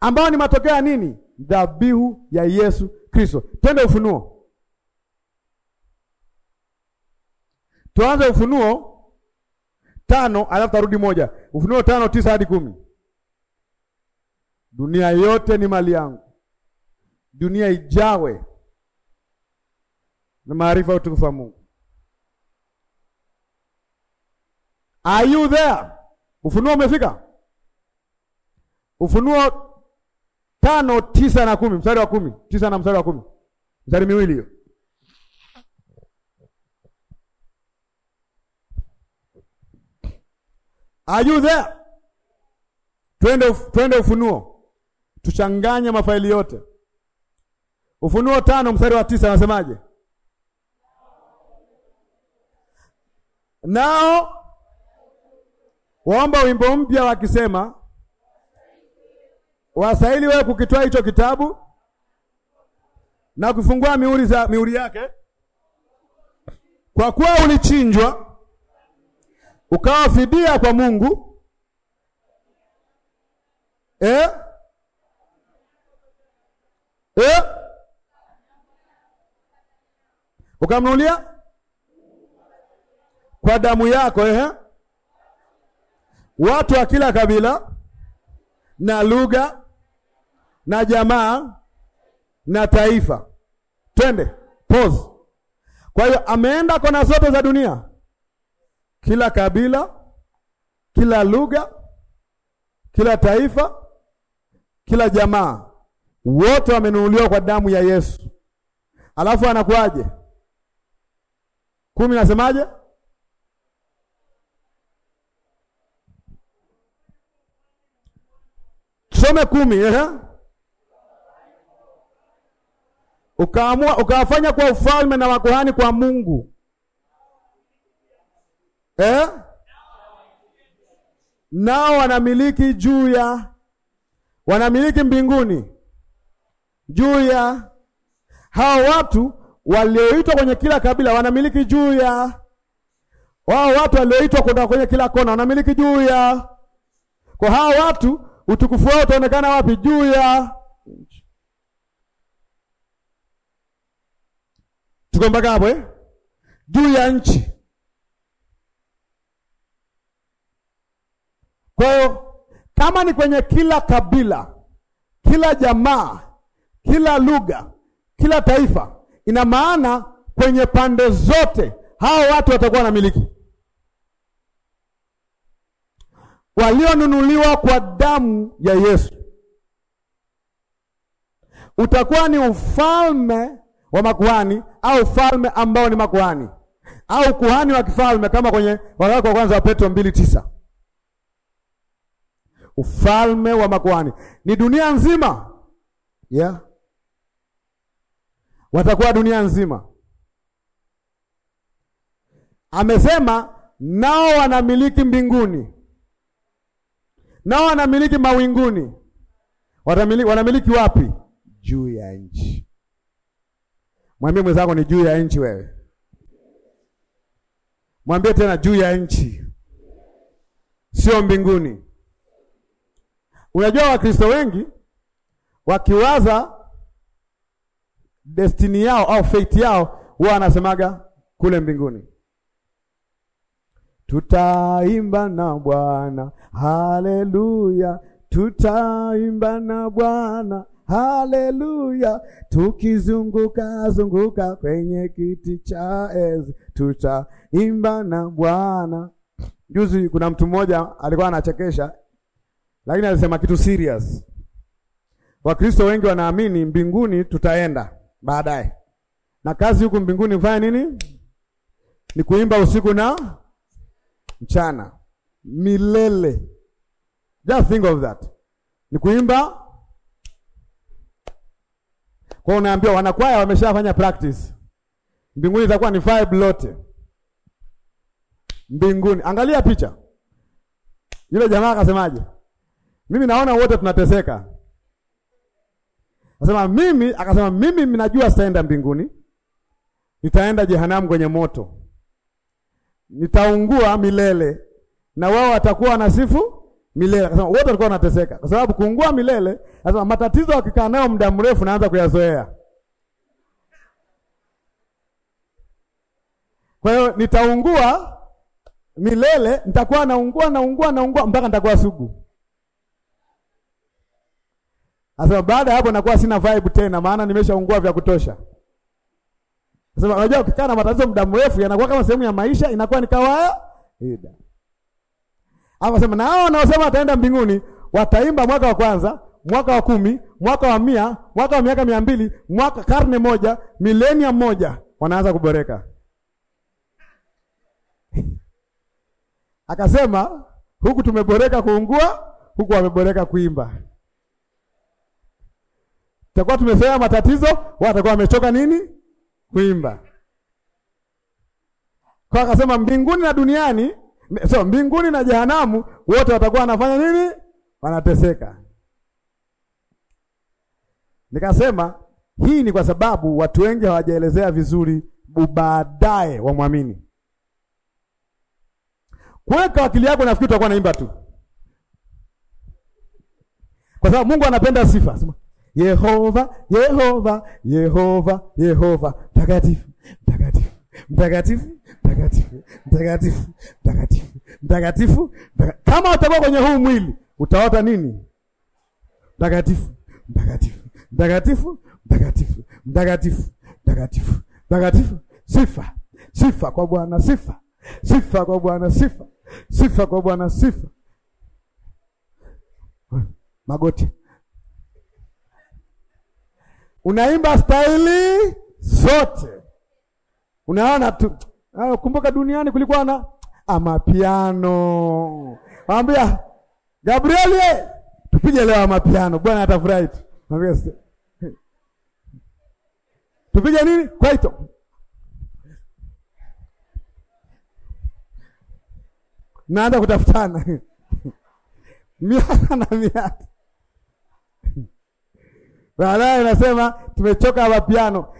ambao ni matokeo ya nini? Dhabihu ya Yesu Kristo. Twende Ufunuo, tuanze Ufunuo tano alafu tarudi moja. Ufunuo tano tisa hadi kumi. Dunia yote ni mali yangu, dunia ijawe na maarifa ya utukufu wa Mungu. Are you there? Ufunuo umefika? Ufunuo tano tisa na kumi mstari wa kumi tisa na mstari wa kumi mstari miwili hiyo. Are you there? Twende, twende Ufunuo tuchanganye mafaili yote. Ufunuo tano mstari wa tisa anasemaje? nao waomba wimbo mpya wakisema, wasaili wewe kukitoa hicho kitabu na kufungua mihuri za mihuri yake, kwa kuwa ulichinjwa ukawa fidia kwa Mungu eh? Eh? ukamnulia kwa damu yako eh? Watu wa kila kabila na lugha na jamaa na taifa. Twende pause. Kwa hiyo ameenda kona zote za dunia, kila kabila, kila lugha, kila taifa, kila jamaa, wote wamenunuliwa kwa damu ya Yesu. Alafu anakuaje? kumi, nasemaje? Usome kumi eh? Ukaamua ukawafanya kwa ufalme na makuhani kwa Mungu eh? Nao wanamiliki juu ya wanamiliki mbinguni juu ya hao watu walioitwa kwenye kila kabila, wanamiliki juu ya wao watu walioitwa kutoka kwenye kila kona, wanamiliki juu ya kwa hao watu utukufu wao utaonekana wapi? Juu ya nchi. Tuko mpaka hapo eh? Juu ya nchi. Kwa hiyo kama ni kwenye kila kabila, kila jamaa, kila lugha, kila taifa, ina maana kwenye pande zote hao watu watakuwa na miliki walionunuliwa kwa damu ya Yesu. Utakuwa ni ufalme wa makuhani au ufalme ambao ni makuhani au kuhani wa kifalme, kama kwenye waraka wa kwanza wa Petro mbili tisa. Ufalme wa makuhani ni dunia nzima yeah. Watakuwa dunia nzima. Amesema nao wanamiliki mbinguni nao wanamiliki mawinguni. Watamiliki, wanamiliki wapi? Juu ya nchi. Mwambie mwenzako ni juu ya nchi wewe. Mwambie tena juu ya nchi, sio mbinguni. Unajua Wakristo wengi wakiwaza destini yao au fate yao, huwa anasemaga kule mbinguni tutaimba na Bwana haleluya, tutaimba na Bwana haleluya, tukizunguka zunguka kwenye kiti cha enzi tutaimba na Bwana. Juzi kuna mtu mmoja alikuwa anachekesha, lakini alisema kitu serious. Wakristo wengi wanaamini mbinguni tutaenda baadaye, na kazi huku mbinguni fanya nini? Ni kuimba usiku na mchana milele. Just think of that. Ni kuimba kwa, unaambiwa wanakwaya wameshafanya practice. Mbinguni itakuwa ni vibe lote mbinguni. Angalia picha, yule jamaa akasemaje? Mimi naona wote tunateseka, akasema mimi, akasema mimi ninajua sitaenda mbinguni, nitaenda jehanamu kwenye moto nitaungua milele na wao watakuwa wanasifu milele. Akasema wote walikuwa wanateseka kwa sababu kuungua milele. Akasema matatizo akikaa nayo muda mrefu naanza kuyazoea. Kwa hiyo nitaungua milele, nitakuwa naungua naungua naungua mpaka nitakuwa sugu. asa baada ya hapo nakuwa sina vibe tena, maana nimeshaungua vya kutosha. Sasa unajua ukikaa na matatizo muda mrefu yanakuwa kama sehemu ya maisha, inakuwa ni kawaida. Hapo sema hao wanaosema wataenda mbinguni wataimba mwaka wa kwanza, mwaka wa kumi, mwaka wa mia, mwaka wa miaka mia mbili, mwaka karne moja, milenia moja, wanaanza kuboreka. Akasema huku tumeboreka kuungua, huku wameboreka kuimba. Tutakuwa tumesema matatizo, watakuwa wamechoka nini? kuimba. Kwa akasema mbinguni na duniani, so mbinguni na jehanamu wote watakuwa wanafanya nini? Wanateseka. Nikasema hii ni kwa sababu watu wengi hawajaelezea vizuri baadaye wamwamini. Kuweka akili yako, nafikiri utakuwa naimba tu, kwa sababu Mungu anapenda sifa. Yehova, Yehova, Yehova, Yehova, mtakatifu, mtakatifu, mtakatifu, mtakatifu, mtakatifu, mtakatifu, mtakatifu. Kama utakuwa kwenye huu mwili utaota nini? Mtakatifu, mtakatifu, mtakatifu, mtakatifu, mtakatifu, mtakatifu, mtakatifu. Sifa, sifa kwa Bwana, sifa, sifa kwa Bwana, sifa, sifa kwa Bwana, sifa. Magoti unaimba staili zote, unaona tu. Ah, kumbuka duniani kulikuwa na amapiano, Mwambia Gabrieli, tupige leo amapiano, Bwana atafurahi tu. Tupige nini? Kwaito. Naanza kutafutana miaka na miaka Baadaye anasema tumechoka amapiano.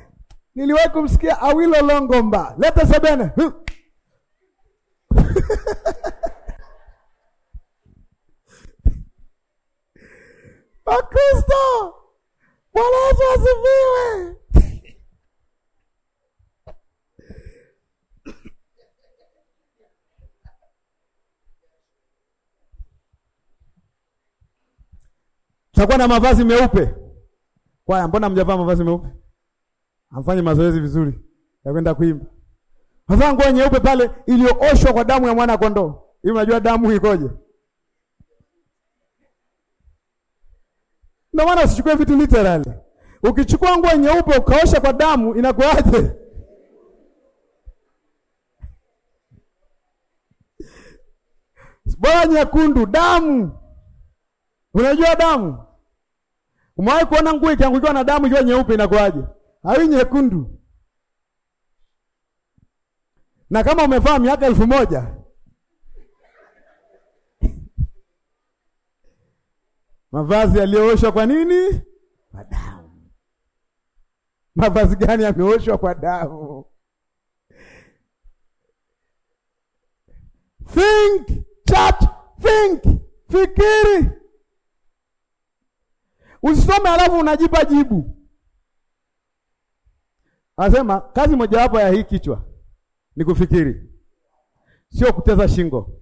Niliwahi kumsikia Awilo Longomba leta sebene Wakristo, Bwana Yesu asifiwe. Takuwa na mavazi meupe Kwaya, mbona mjavaa mavazi meupe? Amfanye mazoezi vizuri ya kwenda kuimba. Wavaa nguo nyeupe pale iliyooshwa kwa damu ya mwana kondoo. Hivi unajua damu ikoje? Ndio maana usichukue vitu literally. Ukichukua nguo nyeupe ukaosha kwa damu inakuaje? Bora nyekundu, damu. Unajua damu? Umewahi kuona nguo ikiangukiwa na damu hiyo nyeupe inakuwaje? Hawi nyekundu. Na kama umevaa miaka elfu moja mavazi yaliyooshwa kwa nini? Kwa damu. Mavazi gani yameoshwa kwa damu? Think, chat, think, fikiri Usisome halafu unajipa jibu. Anasema kazi mojawapo ya hii kichwa ni kufikiri, sio kuteza shingo.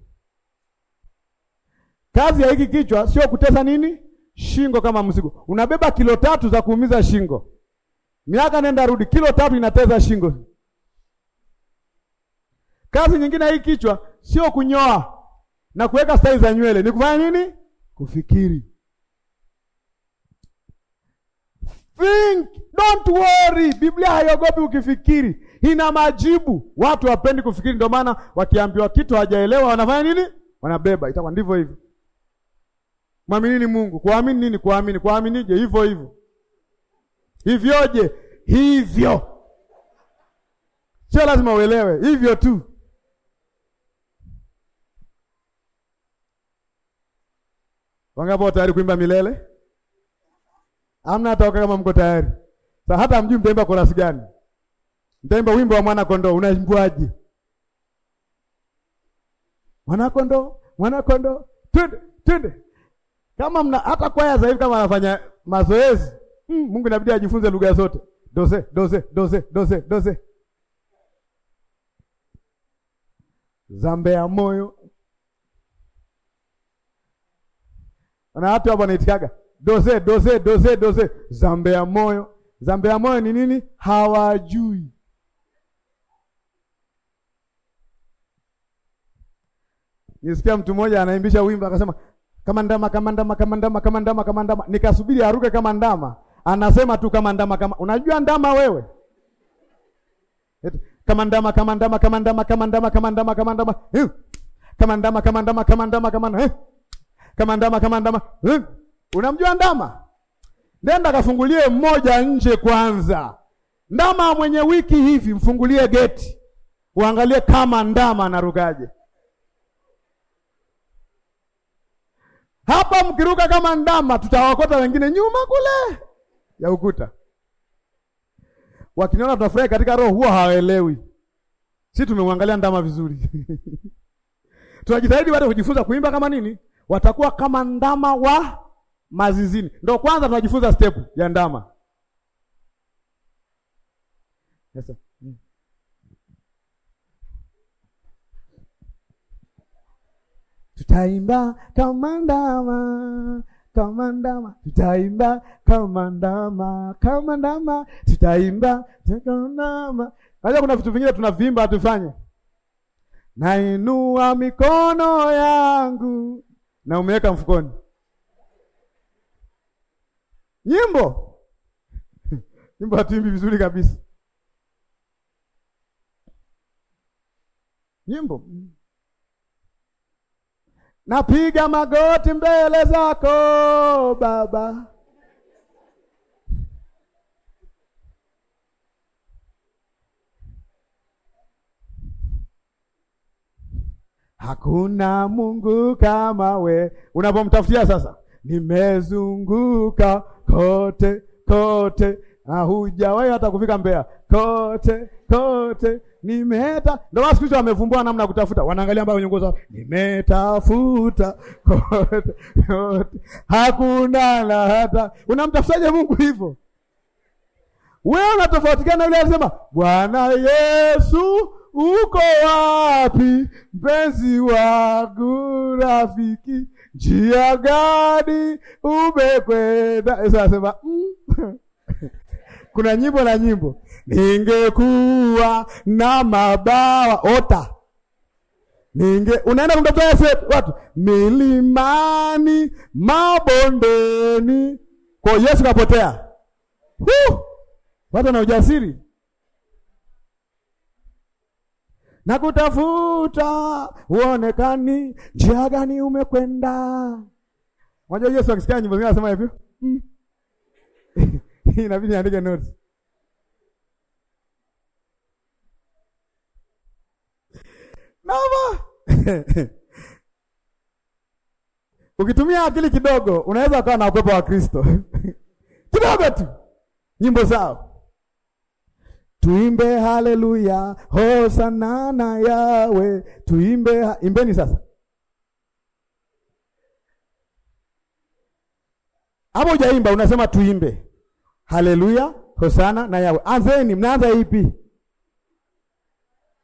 Kazi ya hiki kichwa sio kuteza nini shingo, kama mzigo unabeba kilo tatu za kuumiza shingo, miaka nenda rudi, kilo tatu inateza shingo. Kazi nyingine ya hii kichwa sio kunyoa na kuweka staili za nywele, ni kufanya nini? Kufikiri. Think, don't worry. Biblia haiogopi ukifikiri, ina majibu. Watu wapendi kufikiri, ndio maana wakiambiwa kitu hawajaelewa wanafanya nini? Wanabeba. Itakuwa ndivyo hivyo. Mwaminini Mungu. Kuamini nini? Kuamini kuaminije? Hivyo hivyo. Hivyoje? Hivyo sio lazima uelewe, hivyo tu. Wangapo tayari kuimba milele? Amna atawaka kama mko tayari. Sasa hata mjui mtaimba korasi gani. Mtaimba wimbo wa mwana kondoo unaimbaje? Mwana kondoo, mwana kondoo, twende, twende. Kama mna hata kwaya za hivi kama anafanya mazoezi, mm, Mungu inabidi ajifunze lugha zote. Doze, doze, doze, doze, doze. Zambe ya moyo. Na hapo hapo wanaitikaga doze doze doze doze zambe ya moyo. Zambe ya moyo ni nini? Hawajui. Nisikia mtu mmoja anaimbisha wimbo akasema kama ndama kama ndama kama ndama kama ndama kama ndama, nikasubiri aruke kama ndama, anasema tu kama ndama kama. Unajua ndama wewe? Kama ndama kama ndama kama ndama kama ndama kama ndama kama ndama kama ndama kama ndama kama ndama kama ndama kama ndama kama ndama kama kama kama ndama ndama ndama Unamjua ndama? Nenda kafungulie mmoja nje kwanza. Ndama mwenye wiki hivi, mfungulie geti, uangalie kama ndama anarukaje. Hapa mkiruka kama ndama, tutawakota wengine nyuma kule ya ukuta. Wakiniona tunafurahi katika roho, huwa hawaelewi. Si tumemwangalia ndama vizuri tunajitahidi bado kujifunza kuimba kama nini, watakuwa kama ndama wa mazizini. Ndo kwanza tunajifunza step ya ndama. Yes, mm. Tutaimba kama ndama kama ndama, tutaimba kama ndama kama ndama, tutaimba kama ndama. Najua kuna vitu vingine tunavimba hatufanye. Nainua mikono yangu na umeweka mfukoni nyimbo nyimbo hatuimbi vizuri kabisa, nyimbo napiga magoti mbele zako Baba. Hakuna Mungu kama we. Unapomtafutia sasa, nimezunguka kote kote, hujawahi hata kufika Mbeya kote kote nimeta. ndo basi wamevumbua namna ya kutafuta, wanaangalia mbaya kwenye nimetafuta kote kote, hakuna la hata. Unamtafutaje Mungu hivyo? Wewe na yule alisema, Bwana Yesu uko wapi mpenzi wangu rafiki njia gani umekwenda? Yesu anasema mm. kuna nyimbo na nyimbo, ningekuwa na mabawa ota ninge unaenda kumtafuta Yesu watu milimani, mabondeni. Kwa Yesu kapotea, watu na ujasiri na kutafuta uonekani, njia gani umekwenda. Unajua Yesu akisikia nyimbo zingine anasema hivyo, mm. inabidi niandike notes. Naomba ukitumia akili kidogo, unaweza ukawa na upepo wa Kristo kidogo tu, nyimbo zao Tuimbe haleluya, hosana na yawe. Tuimbe ha imbeni sasa. Hapo hujaimba unasema tuimbe haleluya, hosana na yawe. Anzeni, mnaanza ipi?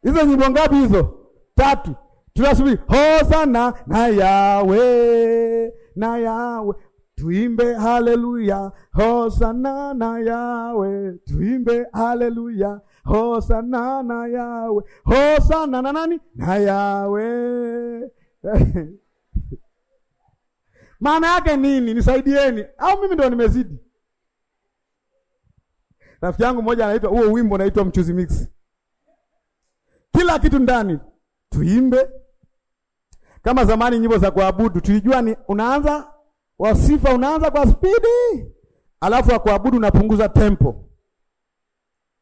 Hizo nyimbo ngapi hizo? Tatu. Tunasubiri hosana na yawe na yawe. Tuimbe haleluya, hosana na Yawe. Tuimbe haleluya, hosana na Yawe. Hosana na nani? Na Yawe. Maana yake nini? Nisaidieni, au mimi ndo nimezidi? Rafiki yangu mmoja anaitwa huo wimbo unaitwa mchuzi mix, kila kitu ndani. Tuimbe kama zamani, nyimbo za kuabudu tulijua ni unaanza wa sifa unaanza kwa spidi, alafu wa unapunguza tempo.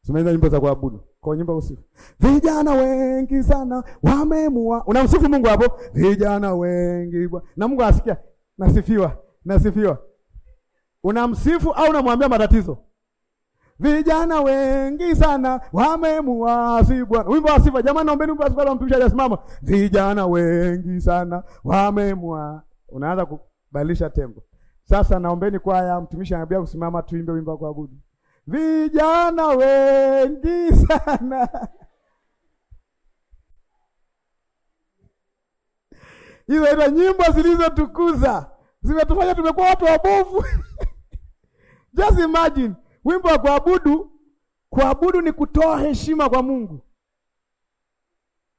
Tumeanza nyimbo za kuabudu kwa nyimbo ya usifu. Vijana wengi sana wamemua, unamsifu Mungu hapo, vijana wengi na Mungu asikia, nasifiwa, nasifiwa. Unamsifu au unamwambia matatizo? Vijana wengi sana wamemuasi Bwana. Wimbo wa sifa jamani, naombeni wimbo wa sifa mtumishi ajasimama. Vijana wengi sana wamemua. Unaanza ku Badilisha tembo. Sasa naombeni kwaya, mtumishi anaambia kusimama, tuimbe wimbo wa kuabudu. Vijana wengi sana, hizo ndio nyimbo zilizotukuza, zimetufanya tumekuwa watu wabovu. Just imagine wimbo wa kuabudu. Kuabudu ni kutoa heshima kwa Mungu.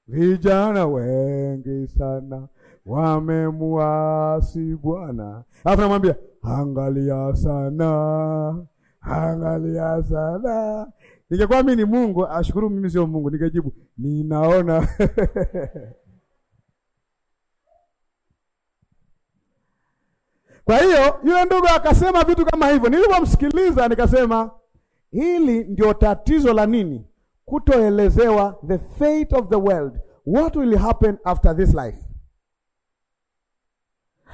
Vijana wengi sana wamemuasi Bwana. Alafu namwambia angalia sana, angalia sana. Ningekuwa mimi ni Mungu, ashukuru mimi sio Mungu, ningejibu ninaona Kwa hiyo yule ndugu akasema vitu kama hivyo. Nilipomsikiliza nikasema hili ndio tatizo la nini? Kutoelezewa the fate of the world. What will happen after this life?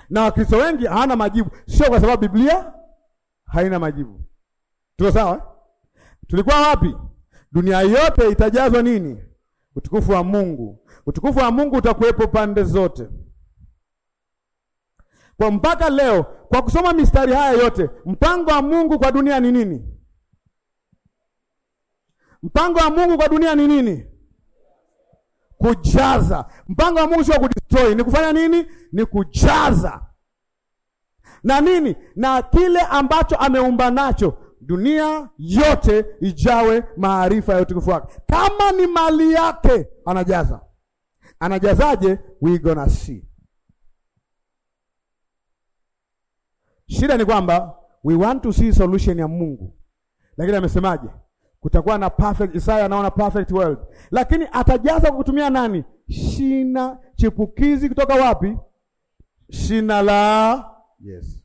na Wakristo wengi hawana majibu, sio kwa sababu Biblia haina majibu. Tuko sawa? Tulikuwa wapi? Dunia yote itajazwa nini? Utukufu wa Mungu. Utukufu wa Mungu utakuwepo pande zote. Kwa mpaka leo, kwa kusoma mistari haya yote, mpango wa Mungu kwa dunia ni nini? Mpango wa Mungu kwa dunia ni nini? kujaza. Mpango wa Mungu sio kudestroy, ni kufanya nini? Ni kujaza na nini? Na kile ambacho ameumba nacho dunia yote ijawe maarifa ya utukufu wake. Kama ni mali yake anajaza, anajazaje? We gonna see. Shida ni kwamba we want to see solution ya Mungu, lakini amesemaje? Kutakuwa na perfect, Isaya anaona perfect world, lakini atajaza kwa kutumia nani? Shina chipukizi kutoka wapi? Shina la Yesu.